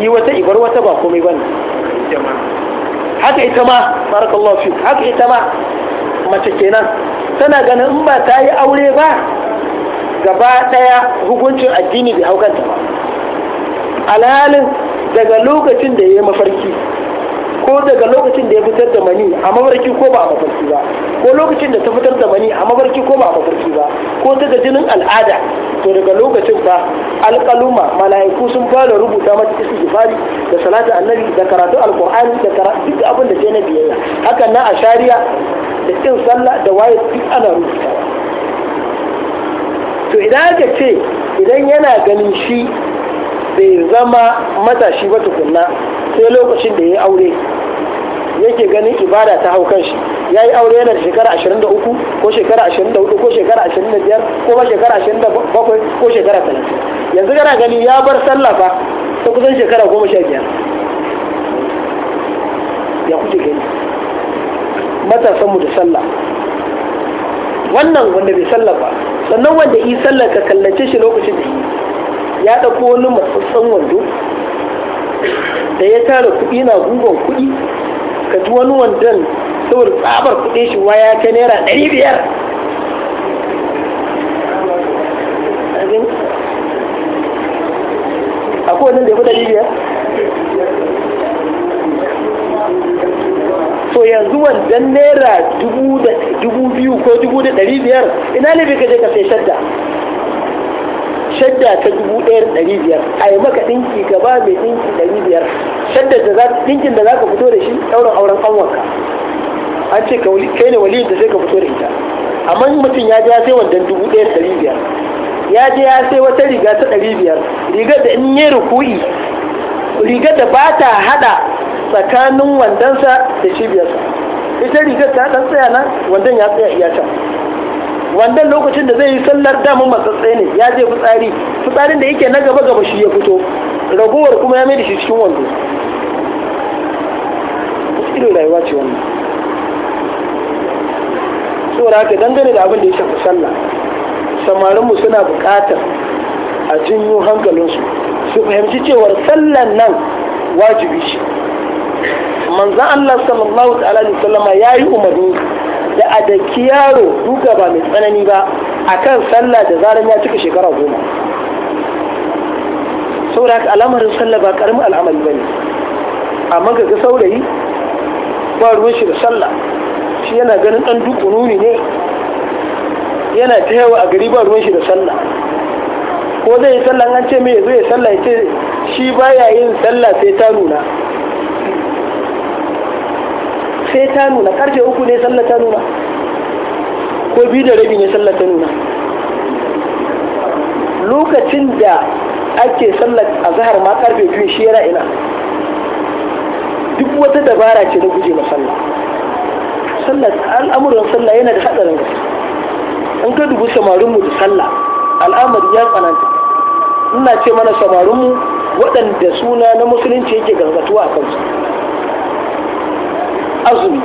yi wata ibar wata ba komai ba ne haka ita ma barakallahu fi haka ita ma mace kenan tana ganin in ba ta yi aure ba gaba daya hukuncin addini bai haukanta ba alhalin daga lokacin da ya yi mafarki ko daga lokacin da ya fitar da mani a mafarki ko ba a mafarki ba ko lokacin da ta fitar da mani a mafarki ko ba a mafarki ba ko daga jinin al'ada to daga lokacin ba alƙaluma mala'iku sun fara rubuta mata istighfari da salatu annabi da karatu alqur'ani da karatu duk abin da ke na biyayya hakan na ashariya da ƙin sallah da waye duk ana rubuta to idan aka ce idan yana ganin shi bai zama matashi ba tukunna sai lokacin da ya yi aure yake ganin ibada ta hau kanshi ya yi aure yana da shekara 23 ko shekara 24 ko shekara 25 ko ba shekara 27 ko shekara 30 yanzu gana gani ya bar sallafa ta kusan shekara 15 ya kuke gani matasanmu da sallah wannan wanda bai sallah ba sannan wanda yi sallah ka kallace shi lokacin da yi ya ɗauko wani matsatsan wando da ya tara kuɗi na gungon kuɗi ka ji wani wandan saboda tsabar kuɗin shi waya ta naira ɗari biyar akwai wannan da ya fi ɗari biyar to yanzu wandan naira dubu biyu ko dubu da ɗari biyar ina ne bai ka je ka sai shadda shadda ta dubu ɗaya da ɗari biyar a yi maka ɗinki gaba ba mai ɗinki ɗari biyar shadda da za ɗinkin da za ka fito da shi ɗaurin auren ƙanwarka an ce kai ne waliyin da sai ka fito da ita amma mutum ya je ya sai wanda dubu ɗaya da ɗari biyar ya je ya sai wata riga ta ɗari biyar rigar da in yi rukui rigar da ba ta haɗa tsakanin wandansa da cibiyarsa ita rigar ta ɗan tsaya nan wandan ya tsaya iya can wannan lokacin da zai yi sallar damun matsatsai ne ya je fitsari fitsarin da yake na gaba gaba shi ya fito ragowar kuma ya mai shi cikin wando irin rayuwa ce wannan da haka dangane da abin da ya shafi sallah samarinmu suna buƙatar a jinyo hankalinsu su fahimci cewar sallan nan wajibi shi manzan Allah sallallahu ta'ala ya yi umarni da adaki yaro duka ba mai tsanani ba a kan sallah da zarar ya cika shekara goma saboda haka al'amarin sallah ba karamin al'amari ba ne amma ga saurayi ba ruwan shi da sallah shi yana ganin ɗan duk nuni ne yana ta yawa a gari ba ruwan shi da sallah ko zai yi sallah an ce mai zai yi ya sallah ya ce shi baya yin sallah sai ta nuna sai ta nuna karfe uku ne sallar ta nuna ko biyu da rabi ne sallar ta nuna lokacin da ake sallar a zahar ma karfe biyu shi yana ina duk wata dabara ce na guje masalla sallah al'amuran sallah yana da hadarin gaske in ka dubu samarinmu da sallah al'amari ya tsananta ina ce mana samarinmu waɗanda suna na musulunci yake gargatuwa a kansu azumi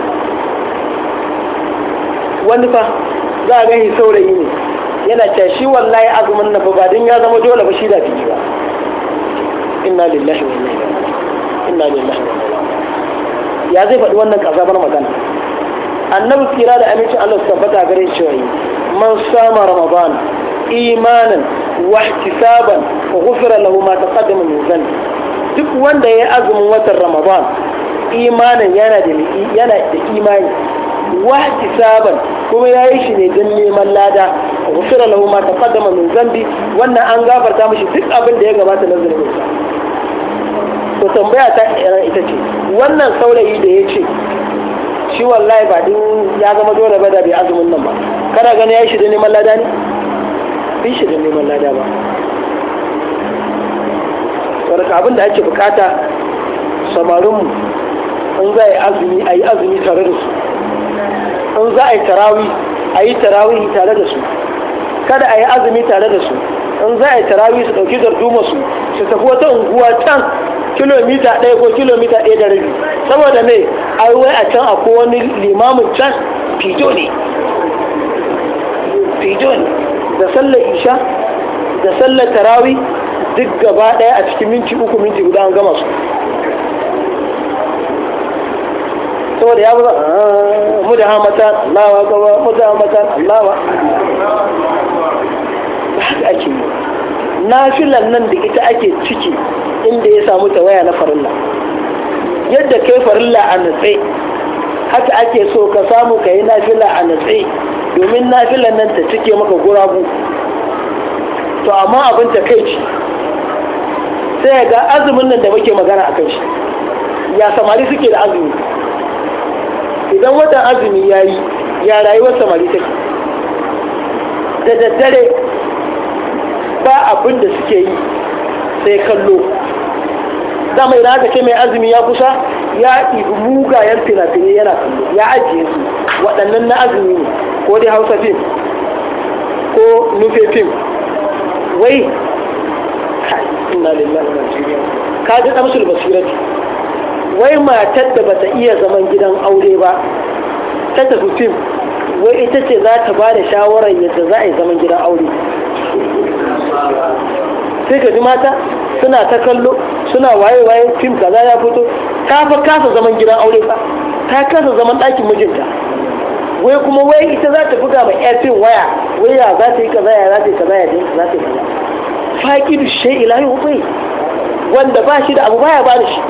wani fa za a gani saurayi ne yana cewa shi wallahi azumin na ba don ya zama dole ba shi da fiye ba inna lillahi wa inna lillahi ya zai faɗi wannan ƙazabar magana annabi tsira da amincin Allah su tabbata gare shi man sama ramadan imanin wa ihtisaban fa ghufira lahu ma taqaddama min dhanbi duk wanda ya azumin watan ramadan imanin yana da yana da imani wahti saban kuma ya yi shi ne don neman lada gufira lahu ma taqaddama min zambi wannan an gafarta mishi duk abin da ya gabata na sa, to tambaya ta ita ce wannan saurayi da ya ce shi wallahi ba din ya zama dole ba da bai azumin nan ba kana gani ya yi shi da neman lada ne bi shi da neman lada ba saboda abin da ake bukata samarinmu in za a yi azumi a yi azumi tare da su in za a yi tarawi a yi tarawi tare da su kada a yi azumi tare da su in za a yi tarawi su ɗauki su su tafi wata unguwa can kilomita ɗaya ko kilomita ɗaya da rabi saboda mai ai wai a can akwai wani limamin can fito ne fito ne da sallar isha da sallar tarawi duk gaba ɗaya a cikin minti uku minti guda an gama su saboda ya zo ah, mudahamatan Allahu akbar mudahamatan Allahu haka ake yi nafilan nan da ita ake ciki inda ya samu tawaya na farilla yadda kai farilla a natse haka ake so ka samu ka yi fila a natse domin na filan nan ta cike maka guragu to amma abin ta kai ci sai ga azumin nan da muke magana a kan shi ya samari suke da azumi idan watan azumi ya yi ya rayuwar samari take da daddare ba abinda suke yi sai kallo dama idan aka ce mai azumi ya kusa ya ibi mugayen fina yana kallo ya ajiye su waɗannan na azumi ne ko dai hausa fim ko nufe fim wai inna lillahi wa inna ilaihi raji'un kaji damsul basirati wai matar da bata iya zaman gidan aure ba ta tafi fim wai ita ce za ta ba da shawarar yadda za a yi zaman gidan aure sai ka ji mata suna ta kallo suna waye-waye fim kaza ya fito ta fa kasa zaman gidan aure ba ta kasa zaman ɗakin mijinta wai kuma wai ita za ta buga ma airfin waya wai ya za ta yi kaza ya za ta yi kaza ya za ta yi kaza faƙi da shi ilahi hukai wanda ba shi da abu baya ba da shi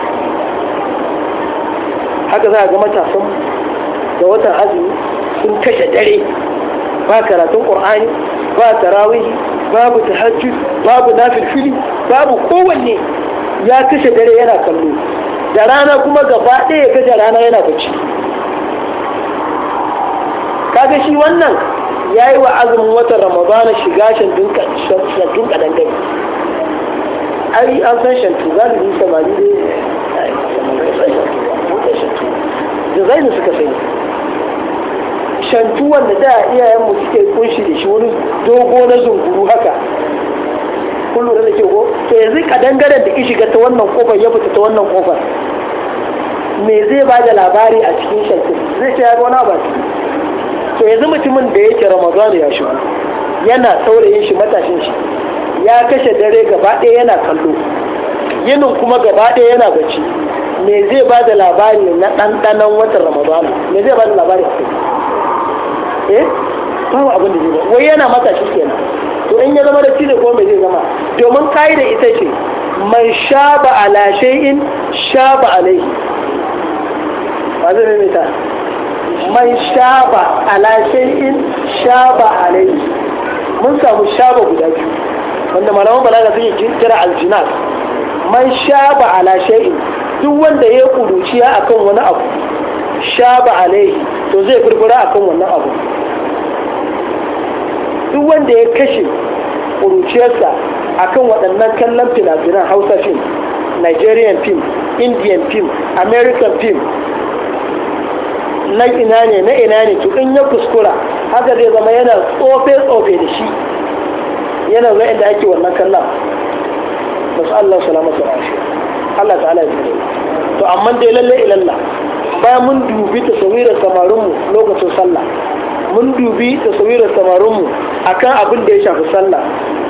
haka za a ga matasan da watan azumi sun kashe dare ba karatun ƙur'ani ba tarawihi babu tahajjud babu nafilfili babu kowanne ya kashe dare yana kallo da rana kuma gaba ɗaya kashe rana yana bacci kaga shi wannan ya yi wa azumin watan ramadana shiga shantun kadan gani ai an san shantu za su yi samari dai design suka sani shantu wanda da iyayenmu suke kunshi da shi wani dogo na zunguru haka kun lura da ke ko to yanzu kadangaren da ki shiga ta wannan kofar ya fita ta wannan kofar me zai ba da labari a cikin shantu zai ce ya gona ba to yanzu mutumin da yake ramadana ya shigo yana saurayin shi matashin shi ya kashe dare gaba ɗaya yana kallo yinin kuma gaba ɗaya yana bacci me zai ba da labari na ɗanɗanon watan ramadana me zai ba da labari a eh babu abin da zai ba wai yana matashi kenan to in ya zama da shi ne ko me zai zama domin da ita ce man shaba ala shay'in shaba alai. ba zai ne ta man shaba ala shay'in shaba alai. mun samu shaba guda biyu wanda malaman balaga suke kira aljinas man shaba ala shay'in duk wanda ya ya akan wani abu sha ba alaihi to zai furfura akan wannan abu duk wanda ya kashe kuruciyarsa akan waɗannan kallon fina hausa fim nigerian film indian film american film na ina ne na ina ne to in ya kuskura haka zai zama yana tsofe-tsofe da shi yana zai inda ake wannan kallon masu allah salamatu shi. Allah ta'ala ya tsare to amma dai lalle ilalla bayan mun dubi tasawirar samarinmu lokacin sallah mun dubi tasawirar samarinmu akan abin da ya shafi sallah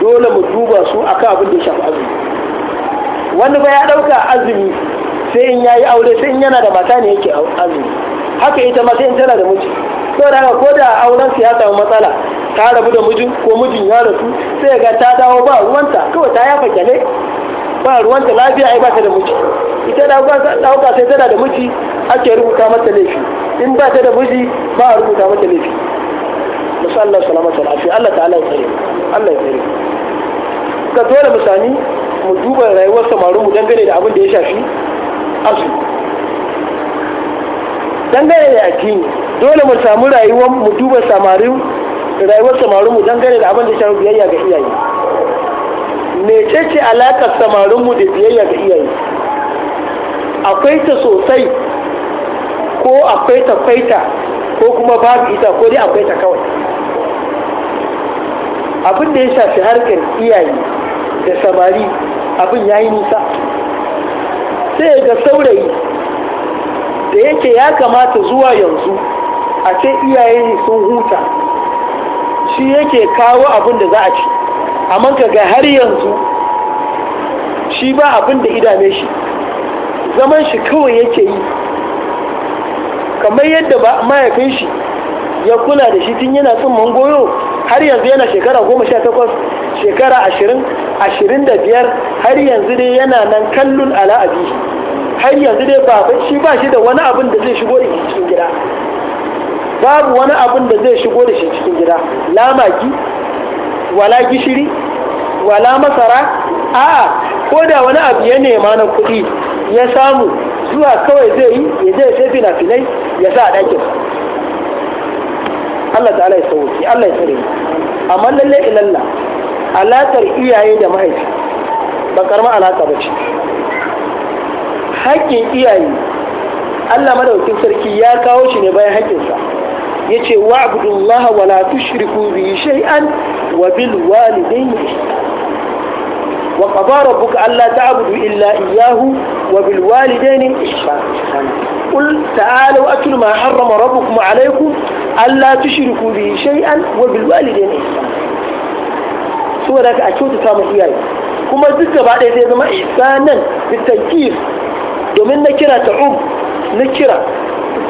dole mu duba su akan abin da ya shafi azumi wani ba ya dauka azumi sai in yayi aure sai in yana da mata ne yake azumi haka ita ma sai in tana da miji ko da ko da auren su ya samu matsala ta rabu da mijin ko mijin ya rasu sai ga ta dawo ba ruwanta kawai ta yafa kyale ba ruwanta lafiya ai ba ta da miji ita ɗauka sai tana da miji ake rubuta mata laifi in ba ta da miji ba a rubuta mata laifi musallar salamata lafi Allah ta'ala ya tsare Allah ya tsare ka dole misali mu duba rayuwar samarin mu dangane da abin da ya shafi asu dangane da addini dole mu samu rayuwar mu duba samarin rayuwar samarin mu dangane da abin da ya shafi biyayya ga iyaye mecece alaƙar samarinmu da biyayya ga iyaye akwai ta sosai ko akwai ta kwaita ko kuma babu ita ko dai akwai ta kawai abin da ya shafi harkar iyaye da samari abin ya yi nisa sai ga saurayi da yake ya kamata zuwa yanzu a ce iyaye sun huta shi yake kawo abin da za a ci amma ka ga har yanzu shi ba abin da idame shi zaman shi kawai yake yi kamar yadda mahaifin shi ya kula da shi tun yana tsin mangoyo har yanzu yana shekara goma sha takwas shekara ashirin ashirin da biyar har yanzu dai yana nan kallon ala'abi har yanzu dai ba shi ba shi da wani abin da zai shigo da shi cikin gida babu wani abin da zai shigo da shi cikin gida lamaki wala gishiri wala masara a'a ko da wani abu ya nema na kuɗi ya samu zuwa kawai zai yi ya zai sai fina-finai ya sa a ɗakin Allah ta'ala ya sauki Allah ya tsare amma lalle ilalla alaƙar iyaye da mahaifi ba karma alaƙa ba ce haƙƙin iyaye Allah madaukin sarki ya kawo shi ne bayan haƙƙinsa ya ce wa abdullahi wa Wala, tushriku bihi shay'an wa bil walidayni ihsana wa qada ta alla ta'budu illa iyahu, wa bil walidayni ihsana qul ta'alu atlu ma harrama rabbukum alaykum alla tushriku bihi shay'an wa bil walidayni ihsana a kyautata mu iyaye kuma duk gaba ɗaya zai zama ihsanan bitakif domin na kira ta'ub na kira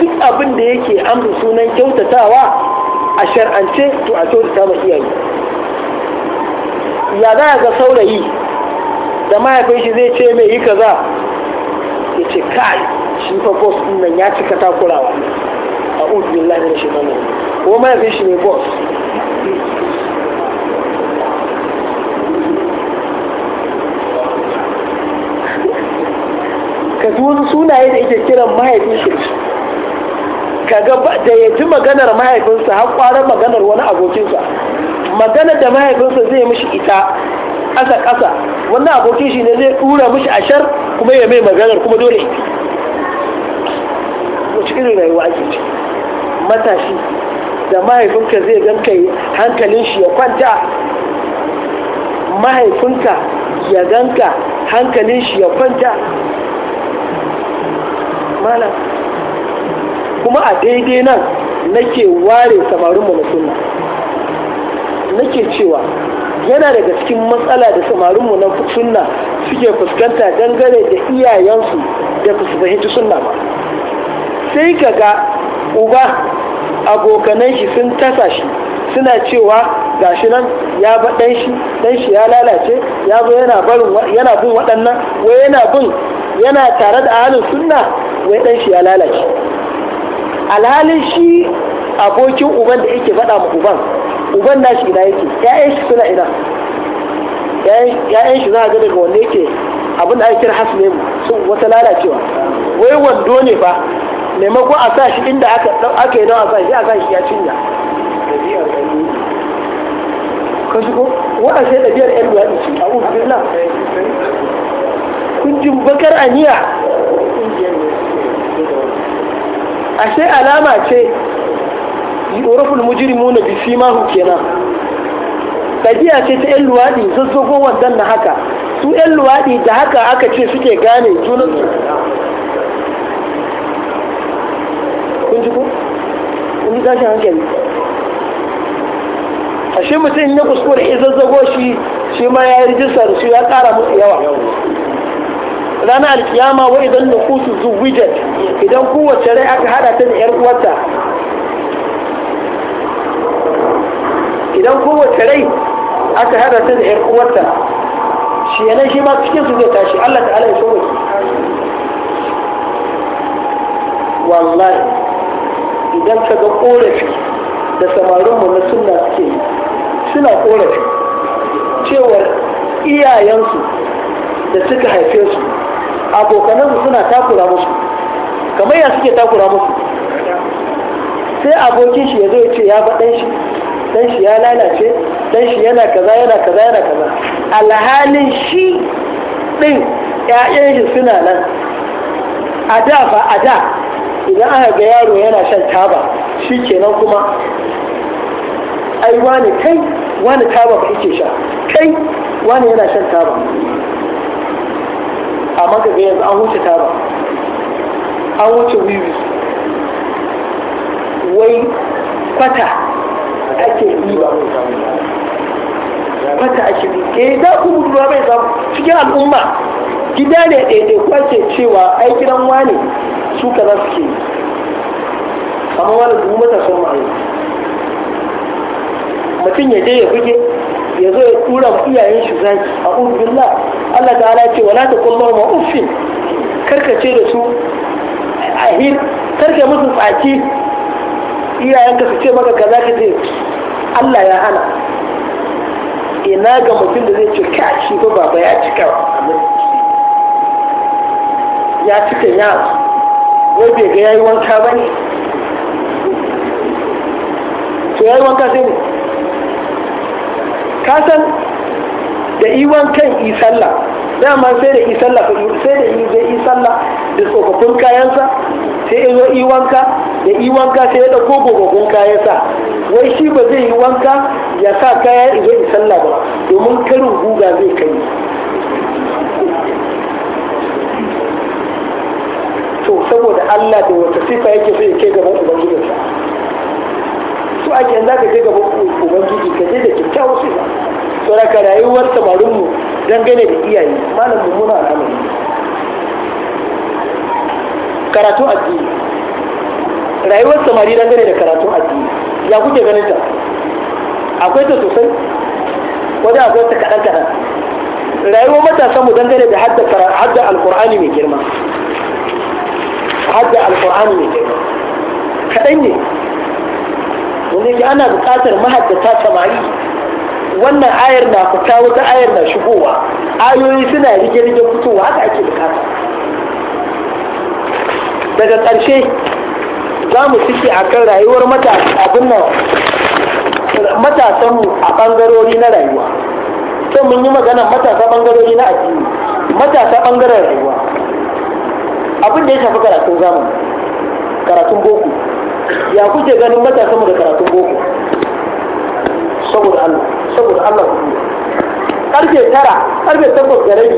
duk abin yake amsa sunan kyautatawa a shar'ance to a kyautata ma iyaye ya za ga saurayi da mahaifin shi zai ce mai yi za ya ce kai shi fa boss din nan ya cika takurawa a ubin lahirin shi nan ko mahaifin shi ne boss ka ji wasu sunaye da ake kiran mahaifin shi kaga da ya ji maganar mahaifinsa har kwarar maganar wani abokinsa maganar da mahaifinsa zai mishi ita ƙasa ƙasa wannan abokin shi ne zai tura mishi ashar kuma ya mai maganar kuma dole ya ce irin rayuwa ake ce matashi da mahaifinka zai ganka hankalin shi ya kwanta mahaifinka ya ganka hankalin shi ya kwanta mana kuma a daidai nan nake ware samarin mu na nake cewa yana daga cikin matsala da samarinmu na sunna suke fuskanta dangane da iyayensu da su fahimci sunna ba sai ka ga uba abokanan shi sun tasa shi suna cewa gashi nan ya ba shi ɗan shi ya lalace ya zo yana barin yana bin waɗannan wai yana bin yana tare da ahalin sunna wai ɗan shi ya lalace alhalin shi abokin uban da yake faɗa ma uban uban nashi ina yake ƴaƴan shi suna ina ƴaƴan shi za a ga daga wanne yake abin da ake hasu ne mu wata lalacewa wai wando ne fa maimakon a sa shi inda aka yi don a sa shi a sa shi ya cinya ka ko wannan sai ɗabi'ar ƴan luwaɗi ce abu billah kunjin bakar aniya ashe alama ce yoraful mujrimu na bisi kenan ɗabi'a ce ta 'yan luwaɗi zazzagon wannan na haka su 'yan luwaɗi da haka aka ce suke gane su kun ji ko? kun ji tashin hankali a shi mutum ya kuskure ya zazzago shi shi ma ya yi rijistar su ya ƙara musu yawa ranar alkiyama wa idan nufusu zuwijat idan kowace rai aka hada ta da 'yar uwarta idan kowace rai aka hada ta da 'yan uwarta shi yanayi shi ma cikin su zai tashi Allah ta'ala ya so wallahi idan ka ga korafi da mu na suna suke suna korafi cewar iyayensu da suka haife su abokanansu suna takura musu kamar ya suke takura musu sai abokin shi ya zo ya ce ya faɗa shi dan shi ya lalace dan shi yana kaza yana kaza yana kaza alhalin shi din ƴaƴan shi suna nan a da ba a da idan aka ga yaro yana shan taba shi kenan kuma ai wani kai wani taba ba yake sha kai wani yana shan taba amma ka ga yanzu an huce taba an wuce wiwi wai kwata ake riba mata a ke eh za ku budurwa bai samu cikin al'umma gida ne ɗaiɗai kuwa ake cewa ai gidan wani su kaza suke yi amma wani mata matasan ma'ayi mutum ya je ya buge ya zo ya tura wa iyayen shi zaki a ubillah Allah ta'ala ce wala ta kullu ma uffin karkace da su ahir karka musu tsaki iyayen ka su ce maka kaza ka ce Allah ya hana ina ga mutum da zai ce ka shi ba baba ya cika ya cika ya wai bai ga yayi wanka ba ne to yayi wanka sai ne ka san da iwan kan isalla dama sai da yi sallah sai da yi zai yi sallah da tsofaffin kayansa sai ya zo yi wanka da yi wanka sai ya dauko gogaggun kayansa wai shi ba zai yi wanka ya sa kaya ya zo yi sallah ba domin karin guga zai kai to saboda Allah da wata sifa yake so ya kai gaban ubangijinsa su ake yanzu ka kai gaban ubangiji ka je da kyakkyawar sifa saboda rayuwar don dangane da iyaye malam mummuna al'amari karatun addini rayuwar samari dangane da karatun addini ya kuke ganin ta akwai ta sosai wajen akwai ta kaɗan kaɗan rayuwar matasanmu dangane da hadda alkur'ani mai girma hadda alkur'ani mai girma kaɗan ne wanda ya ana buƙatar mahaddata samari wannan ayar na fita wata ayar na shigowa ayoyi suna rige-rige fitowa haka ake bukata daga ƙarshe za mu suke a kan rayuwar matasanmu a ɓangarori na rayuwa sai mun yi magana matasa ɓangarori na addini matasa ɓangaren rayuwa abin da ya shafi karatun zamani karatun boko ya kuke ganin matasanmu da karatun boko saboda allah saboda Allah ku karfe tara karfe takwas da rabi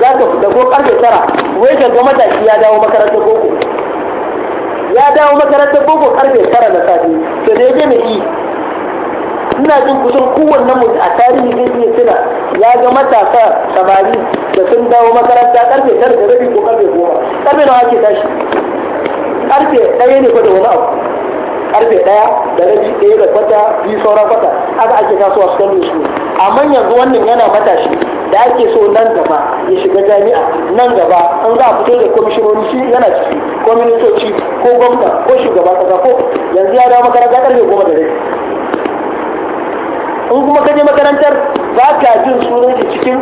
za ka fita ko karfe tara wai ga matashi ya dawo makarantar boko ya dawo makarantar boko karfe tara na safe to da ya yi ina jin kusan kowanne mu a tarihi zai iya tuna ya ga matasa samari da sun dawo makaranta karfe tara da rabi ko karfe goma karfe nawa wake tashi karfe ɗaya ne ko da wani abu karfe ɗaya da rabi ɗaya da kwata biyu sauran kwata haka ake kasuwa su kallo su amma yanzu wannan yana matashi da ake so nan gaba ya shiga jami'a nan gaba an za a fito da kwamishinoni shi yana ciki ko ministoci ko gwamna ko shugaban kasa ko yanzu ya dawo makaranta karfe goma da rabi in kuma ka je makarantar ba ka jin sunan shi cikin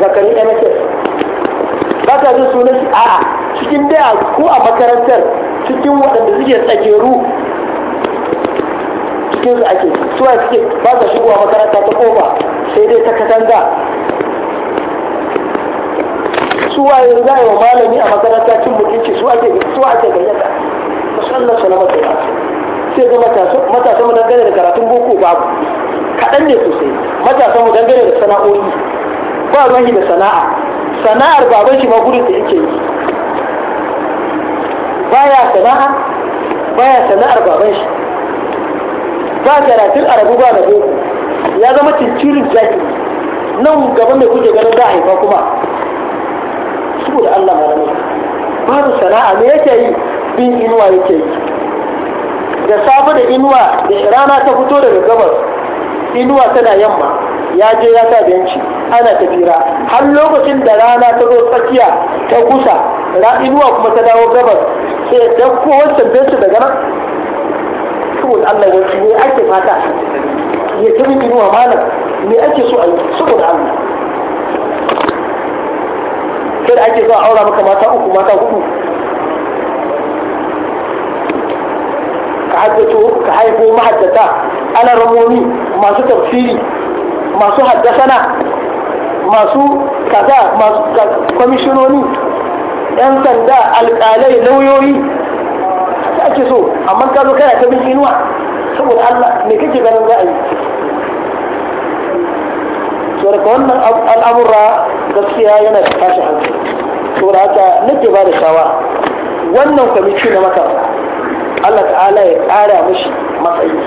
zakari NSS ba ka jin sunan shi a'a cikin dai ko a makarantar cikin waɗanda suke tsakeru cikin su ake suwa suke ba su shigowa makaranta ta koma sai dai ta katanga suwa yanzu za a yi wa malami a makaranta cin mutunci suwa ake suwa ake gayyata musallar salama ta yasu sai ga matasa mu dangane da karatun boko babu kaɗan ne sosai matasa mu dangane da sana'o'i ba ruwan da sana'a sana'ar baban shi ma gudun da yake yi baya sana'a baya sana'ar baban shi ba karatun arabu ba da boko ya zama cincirin jaki nan gaban da kuke ganin za a haifa kuma saboda Allah ma Ba babu sana'a me yake yi bin inuwa yake yi da safe da inuwa da rana ta fito daga gabas inuwa tana yamma ya je ya sa benci ana tafira har lokacin da rana ta zo tsakiya ta kusa inuwa kuma ta dawo gabas sai ya dauko wancan benci daga nan kawai Allah ya ci ne ake fata ya tabi inuwa malam me ake so a yi saboda Allah sai da ake zuwa aura maka mata uku mata hudu ka haddato ka haifo mahaddata ana ramomi masu tafsiri masu haddasana masu kaza masu kwamishinoni 'yan sanda alkalai lauyoyi ake so amma ka zo kana ta bin inuwa saboda Allah me kake ganin za a yi to daga wannan al'amura gaskiya yana da tashi hankali saboda haka nake ba da shawa wannan kwamiti na maka Allah ta'ala ya ƙara mishi matsayi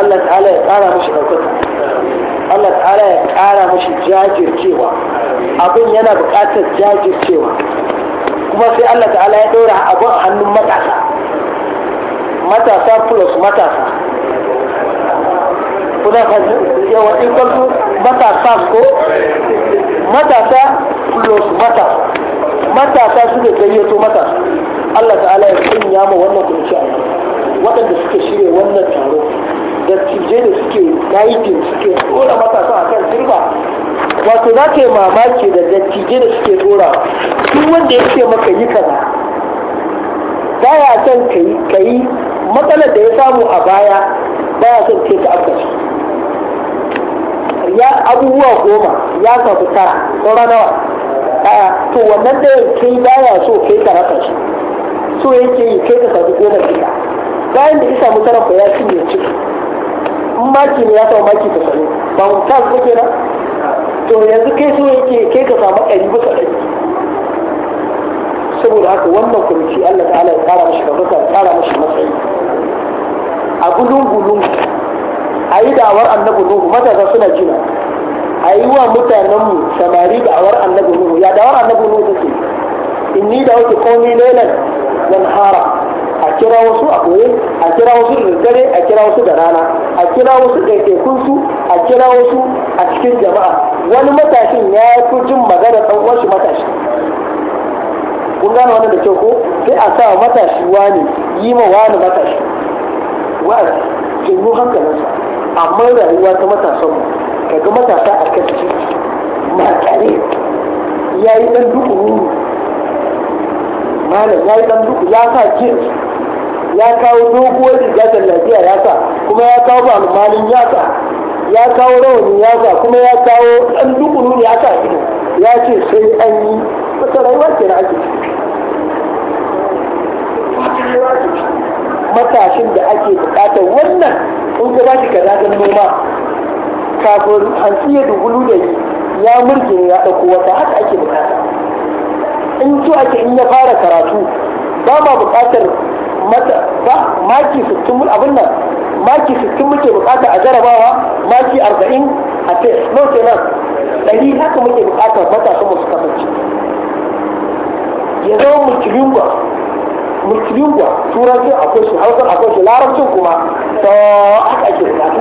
Allah ta'ala ya ƙara mishi ɗaukaka Allah ta'ala ya ƙara mishi jajircewa abin yana buƙatar jajircewa kuma sai Allah ta'ala ya ɗora abin hannun matasa matasa plus matasa kuna kaji yawa in to matasa ko matasa plus matasa matasa su ne gayyato matasa Allah ta'ala ya sanya ma wannan kunci a waɗanda suke shirya wannan taro da tije da suke guiding suke dora matasa a kan sirba wato za ka yi mamaki da dattijai da suke tsora duk wanda ya ce maka yi kaza baya son ka yi matsalar da ya samu a baya ba ya son ce ta abinci ya abubuwa goma ya samu tara saura nawa to wannan da kai ya so kai ta rasa shi so yake yi kai ta samu goma kika bayan da isa mutara ko ya cinye ciki in maki ne ya samu maki ta sani ba mu ta ke kenan to yanzu kai so yake kai ka samu ɗari bisa ɗari saboda haka wannan kwamiti Allah ta'ala ya kara mashi gabata ya kara mashi matsayi a gulungulun a yi da'awar annabi nuhu matasa suna jina a yi wa mutanenmu samari da'awar annabi nuhu ya da'awar annabi nuhu take ni da wata komi nan hara. a kira wasu a koye a kira wasu da dare a kira wasu da rana a kira wasu da su a kira wasu a cikin jama'a wani matashin ya fi jin magana ɗan wasu matashi kun gane wannan da kyau ko sai a sa matashi wani yi ma wani matashi wa'azi janyo hankalinsa amma rayuwa ta matasanmu kaga matasa a kan titi makare ya yi dan duku ruru malam ya yi dan duku ya sa jeans ya kawo doguwar riga da lafiya ya sa kuma ya kawo ba malin ya sa ya kawo rawani ya sa kuma ya kawo dan duku ruru ya sa ido ya ce sai an yi wata rayuwa ke na ake ciki shi matashin da ake bukatar wannan in ka ba shi ka don noma kafin hantsi ya dubulu da yi ya murgin ya ɗauko wata haka ake bukata in so ake in ya fara karatu ba ma bukatar mata ba maki 60 abin nan maki 60 muke bukata a jarabawa maki 40 a test no nan ɗari haka muke bukata matashin mu su kasance ya zama yunwa. Musulun kuwa turancin akwai shi hausar akwai shi larabcin kuma ta haka ake bukatu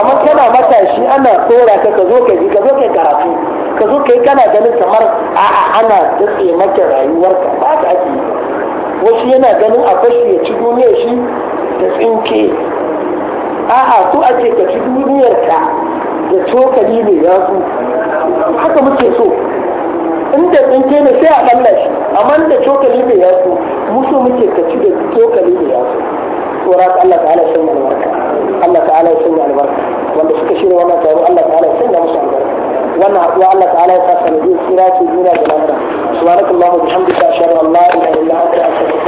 amma kana matashi ana tsora ka ka zo ka ji ka zo ka karatu ka zo ka yi kana ganin kamar a'a ana datse maka rayuwarka ba ka ake yi wasu yana ganin akwai shi ya ci duniyar shi da tsinke a'a su ake ka ci duniyar ka da cokali ne ya haka muke so inda ke ne sai a ɗalla shi amma da cokali mai yaso musu muke ka ci da cokali mai yaso ta Allah ta'ala ya yi albarka Allah ta'ala ya yi albarka wanda suka shirya wannan taro Allah ta'ala ya sanya musu albarka wannan haɗuwa Allah ta'ala ya sa sanadiyar tsira ce juna da lafiya subhanakallahu wa bihamdika ashhadu an la ilaha illa anta astaghfiruka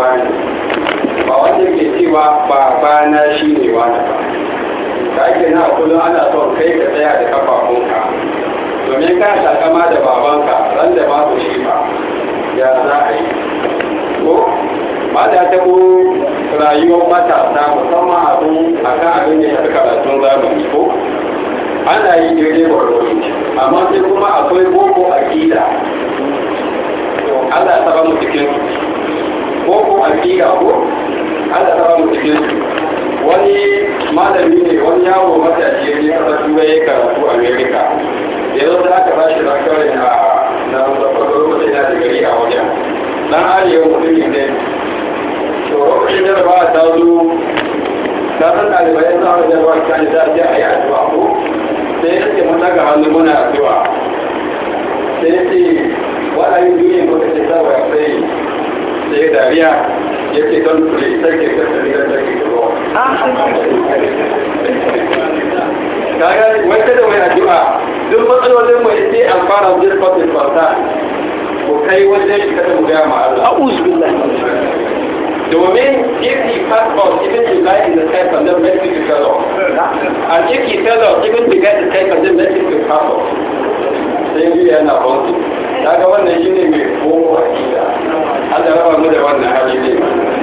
wani ba wanda ke cewa babana shi ne wani ba ka ke na kudu ana son kai ka tsaya da kafafunka domin ka takama da babanka ran da babu shi ba ya za a yi ko ba da ta taɓo rayuwar matasa musamman abin a kan abin da ya fi karatun zamani ko ana yi daidai gwargwaro amma sai kuma akwai boko a kila Allah ya saba mu cikin boko aƙida ko Allah ta mu cikin su wani malami ne wani yawo matashi ne a turai ya karatu Amerika ya zo da aka bashi zakarin a na zafafa lokacin da gari a wajen dan arewa mutumin ne to lokacin da ba ta zo ta san ɗalibai ta a jarwa ta ne za a je a yi addu'a ko sai ya ce mun daga hannu muna addu'a sai ya ce wa'ayin duniya ko ta ce saboda sai da ya dariya ya ke don kule sarki sarki sarki da wanda da mai addu'a duk matsalolin mu sai an fara wajen fatin fata ko kai wajen shi kada mu gaya domin if he passed out even he lied in the type of then let him and if he fell out even to get the type of then let him to pass off sai yana bouncing kaga wannan shi ne mai koko a gida Allah raba mu da wannan hali ne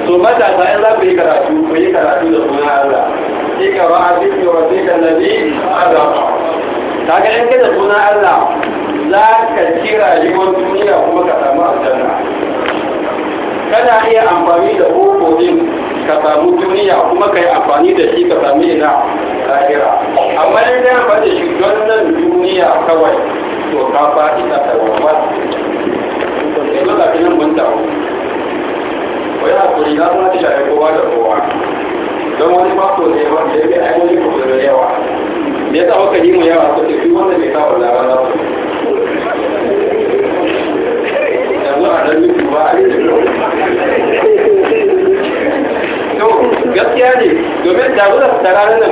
to matasa in za ku yi karatu ku yi karatu da sunan Allah shi ka ba a cikin wasiƙa nabi Allah kaga in ka da sunan Allah za ka ci rayuwar duniya kuma ka samu aljanna kana iya amfani da boko din ka samu duniya kuma ka yi amfani da shi ka sami ina lahira amma ne da ba da shi don nan duniya kawai to ka fa ita da wama to sai da ka nan mun dawo wai hakuri na kuma ta shafi kowa da kowa don wani ko ne ba da yake ai ko da yawa me yasa kuka yi mu yawa ko duk wanda bai kawo labarin Gracias.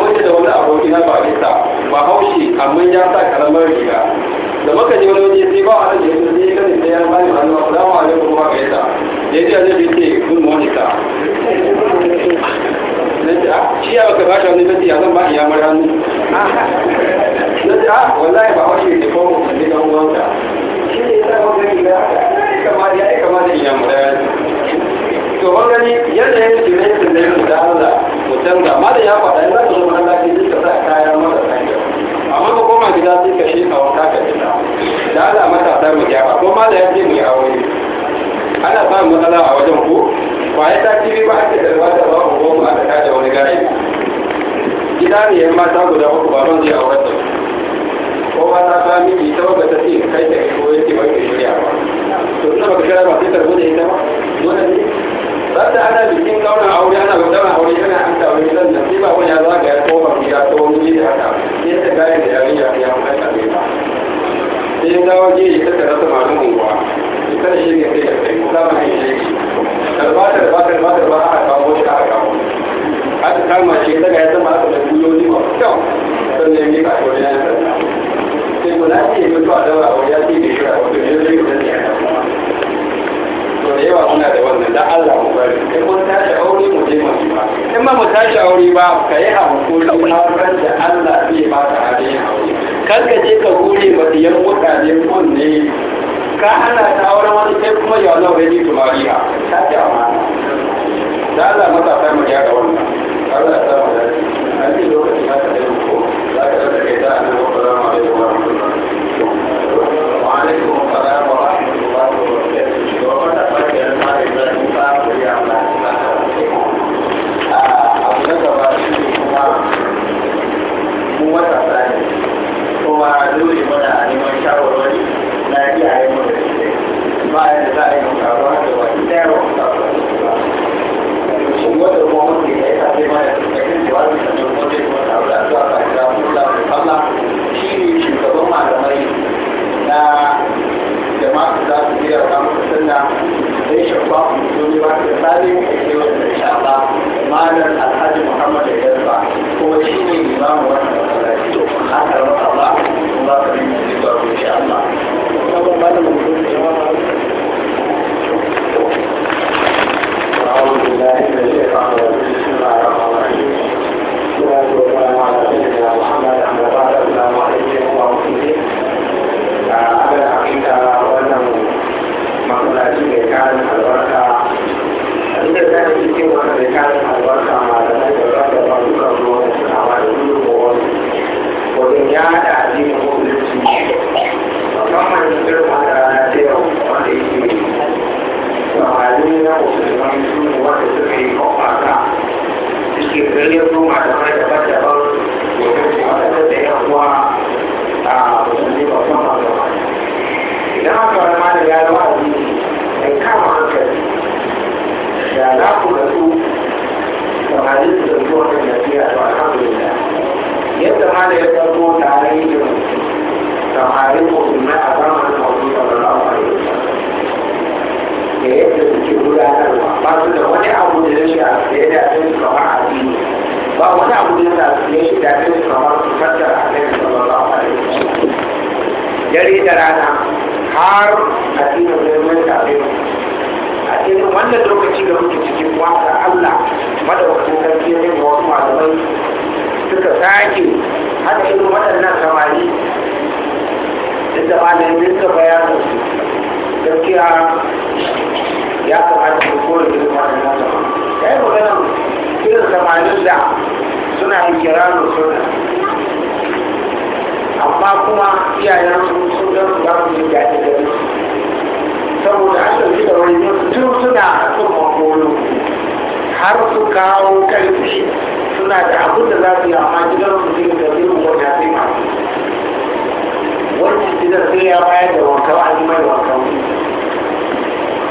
gidan sai ya bayar da wanka wa an mai wanka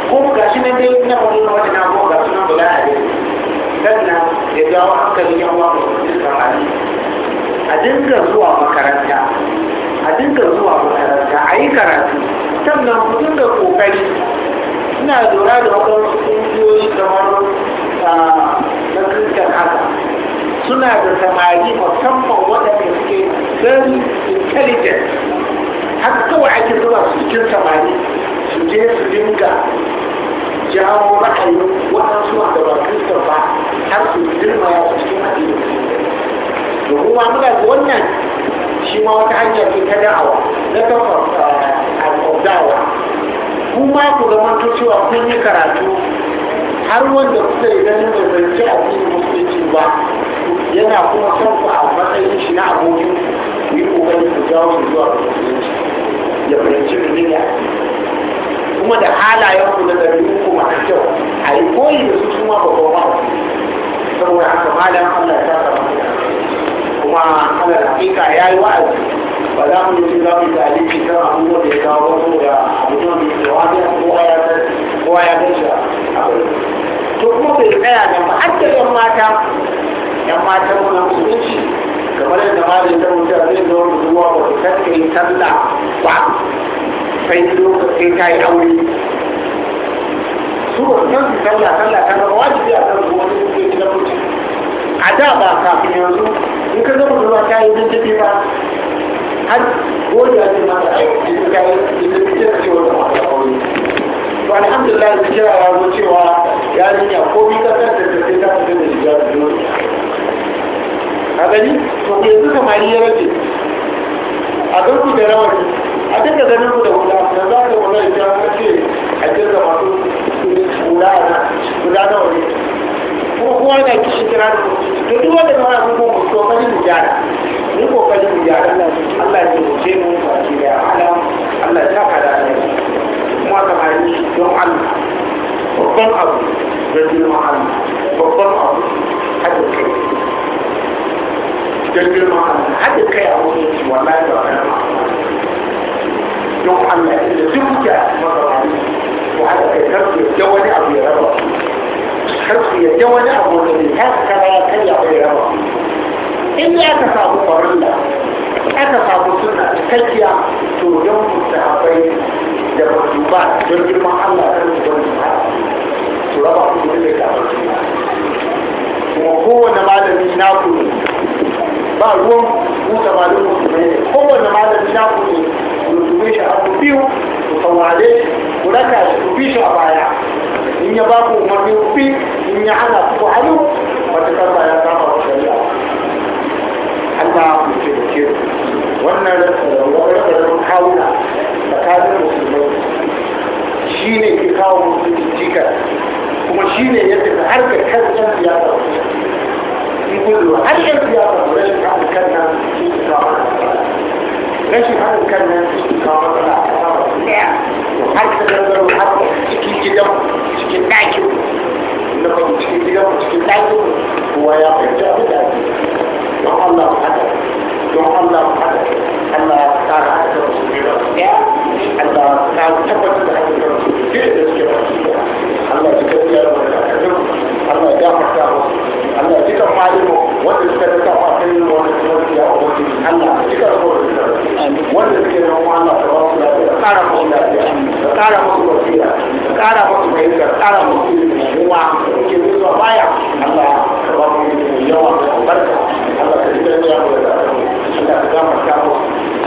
ko ga shi nan dai na wani wata na ko ga sunan bala a dai sannan ya jawo hankalin yan uwa musulmi a dinga zuwa makaranta a dinga zuwa makaranta a yi karatu sannan ku dinga kokari ina lura da waɗansu ƙungiyoyi kamar ah, na kristan haka suna da samari musamman waɗanda suke very intelligent har kawai ake zuwa su cikin samari su je su dinga jawo ra'ayin su a ba kristal ba har su girma ya su cikin hadin domin ma muna ga wannan shi ma wata hanya ce ta da'awa na kafa eh, al'adawa kuma ku zama to cewa kun yi karatu har wanda kuka yi ganin da zance cikin musulunci ba yana kuma son ku a matsayin shi na abokin ku yi ƙoƙarin ku jawo su zuwa musulunci ya fahimci menene kuma da halayen kula da dabi'u ku masu kyau a yi koyi da su kuma ba kowa saboda haka malam Allah ya saka kuma Allah hakika ya yi wa'azi ba za mu yi za mu talibi kan abubuwan da ya kawo wasu da abubuwan da ya wani kowa ya kowa ya san shi a to kuma bai tsaya nan ba har da yan mata yan mata muna musulunci kamar yadda malin ta wuce a zai zo ruwa ba ta kan kai sallah ba sai lokacin ka yi aure su ba su kan su talla sallah kan ba wajibi a kan ruwa su ke gidan a da ba kafin yanzu in ka zama ruwa ta yi jajjabe ba har goji a cikin mata aiki da ka yi jajjabe da cewa ta mata aure to alhamdulillah da kira ya zo cewa yarinya ko bi kasar da a gani to yanzu samari ya rage a ɗauki da rawani a duka ganin ku da hula da za ka wani da ya ce a jirga masu hula a nan guda nawa wani, kuma kuma yana kishi kira da kuma duk wanda kawai mun kuma to kani mu gyara ni kokari mu gyara Allah ya ce mu ba ki da ala Allah ya saka da ne kuma samari don Allah babban abu da jirma Allah babban abu hajji kai don girma Allah hada kai a wani yake wallahi da wani don Allah ya da duk da magabani ko hada kai kar su yadda wani abu ya raba kar su yadda wani abu da bai ta kara ya karya ba ya raba in ya ka samu farilla aka samu suna cikakkiya to don musahabai da masuba don girman Allah kan su don su to raba su da kafin kuma kowane malami na kuma ba ruwan mu da malin musulmai ne kowane malami na ku ne musulmai shi abu biyu ku saurare shi ku raka shi ku bi shi a baya in ya ba ku umarni ku bi in ya hana ku ku hannu matukar ba ya kama ku shari'a Allah ku ce da ke wannan rarrabarun kawuna tsakanin musulmai shi ne ke kawo musulmi jikar kuma shi ne yadda harkar kan siyasa دي كله هل انت يا رب لازم تعمل كلمه في استقامه لازم تعمل كلمه في استقامه ولا حتى لو حتى تكين كده تكين تعجب لما تكين كده تكين تعجب هو يا رب تعمل يا الله حدث يا الله حدث الله تعالى حدث الله تعالى تبت الله تكبر الله يجافر Allah duka malamu wanda suka duka fatin wanda suka duka ya ubangi Allah duka da kowa duka wanda suke nan Allah ta bawa lafiya kara musu lafiya kara musu basira kara musu fahimta kara musu kuma ke zuwa baya Allah ta bawa yawa da albarka Allah ta duka ya mu da Allah ta gafarta mu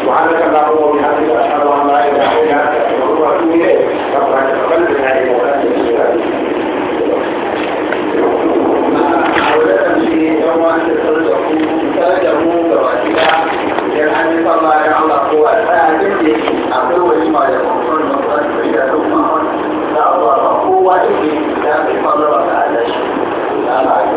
subhanaka allahumma wa bihamdika Allah ya Allah ko a tsaye da ke akwai wani ma da kwamfani na kwamfani da duk mahon da abuwa kowa da ke da ke kwamfani da alashi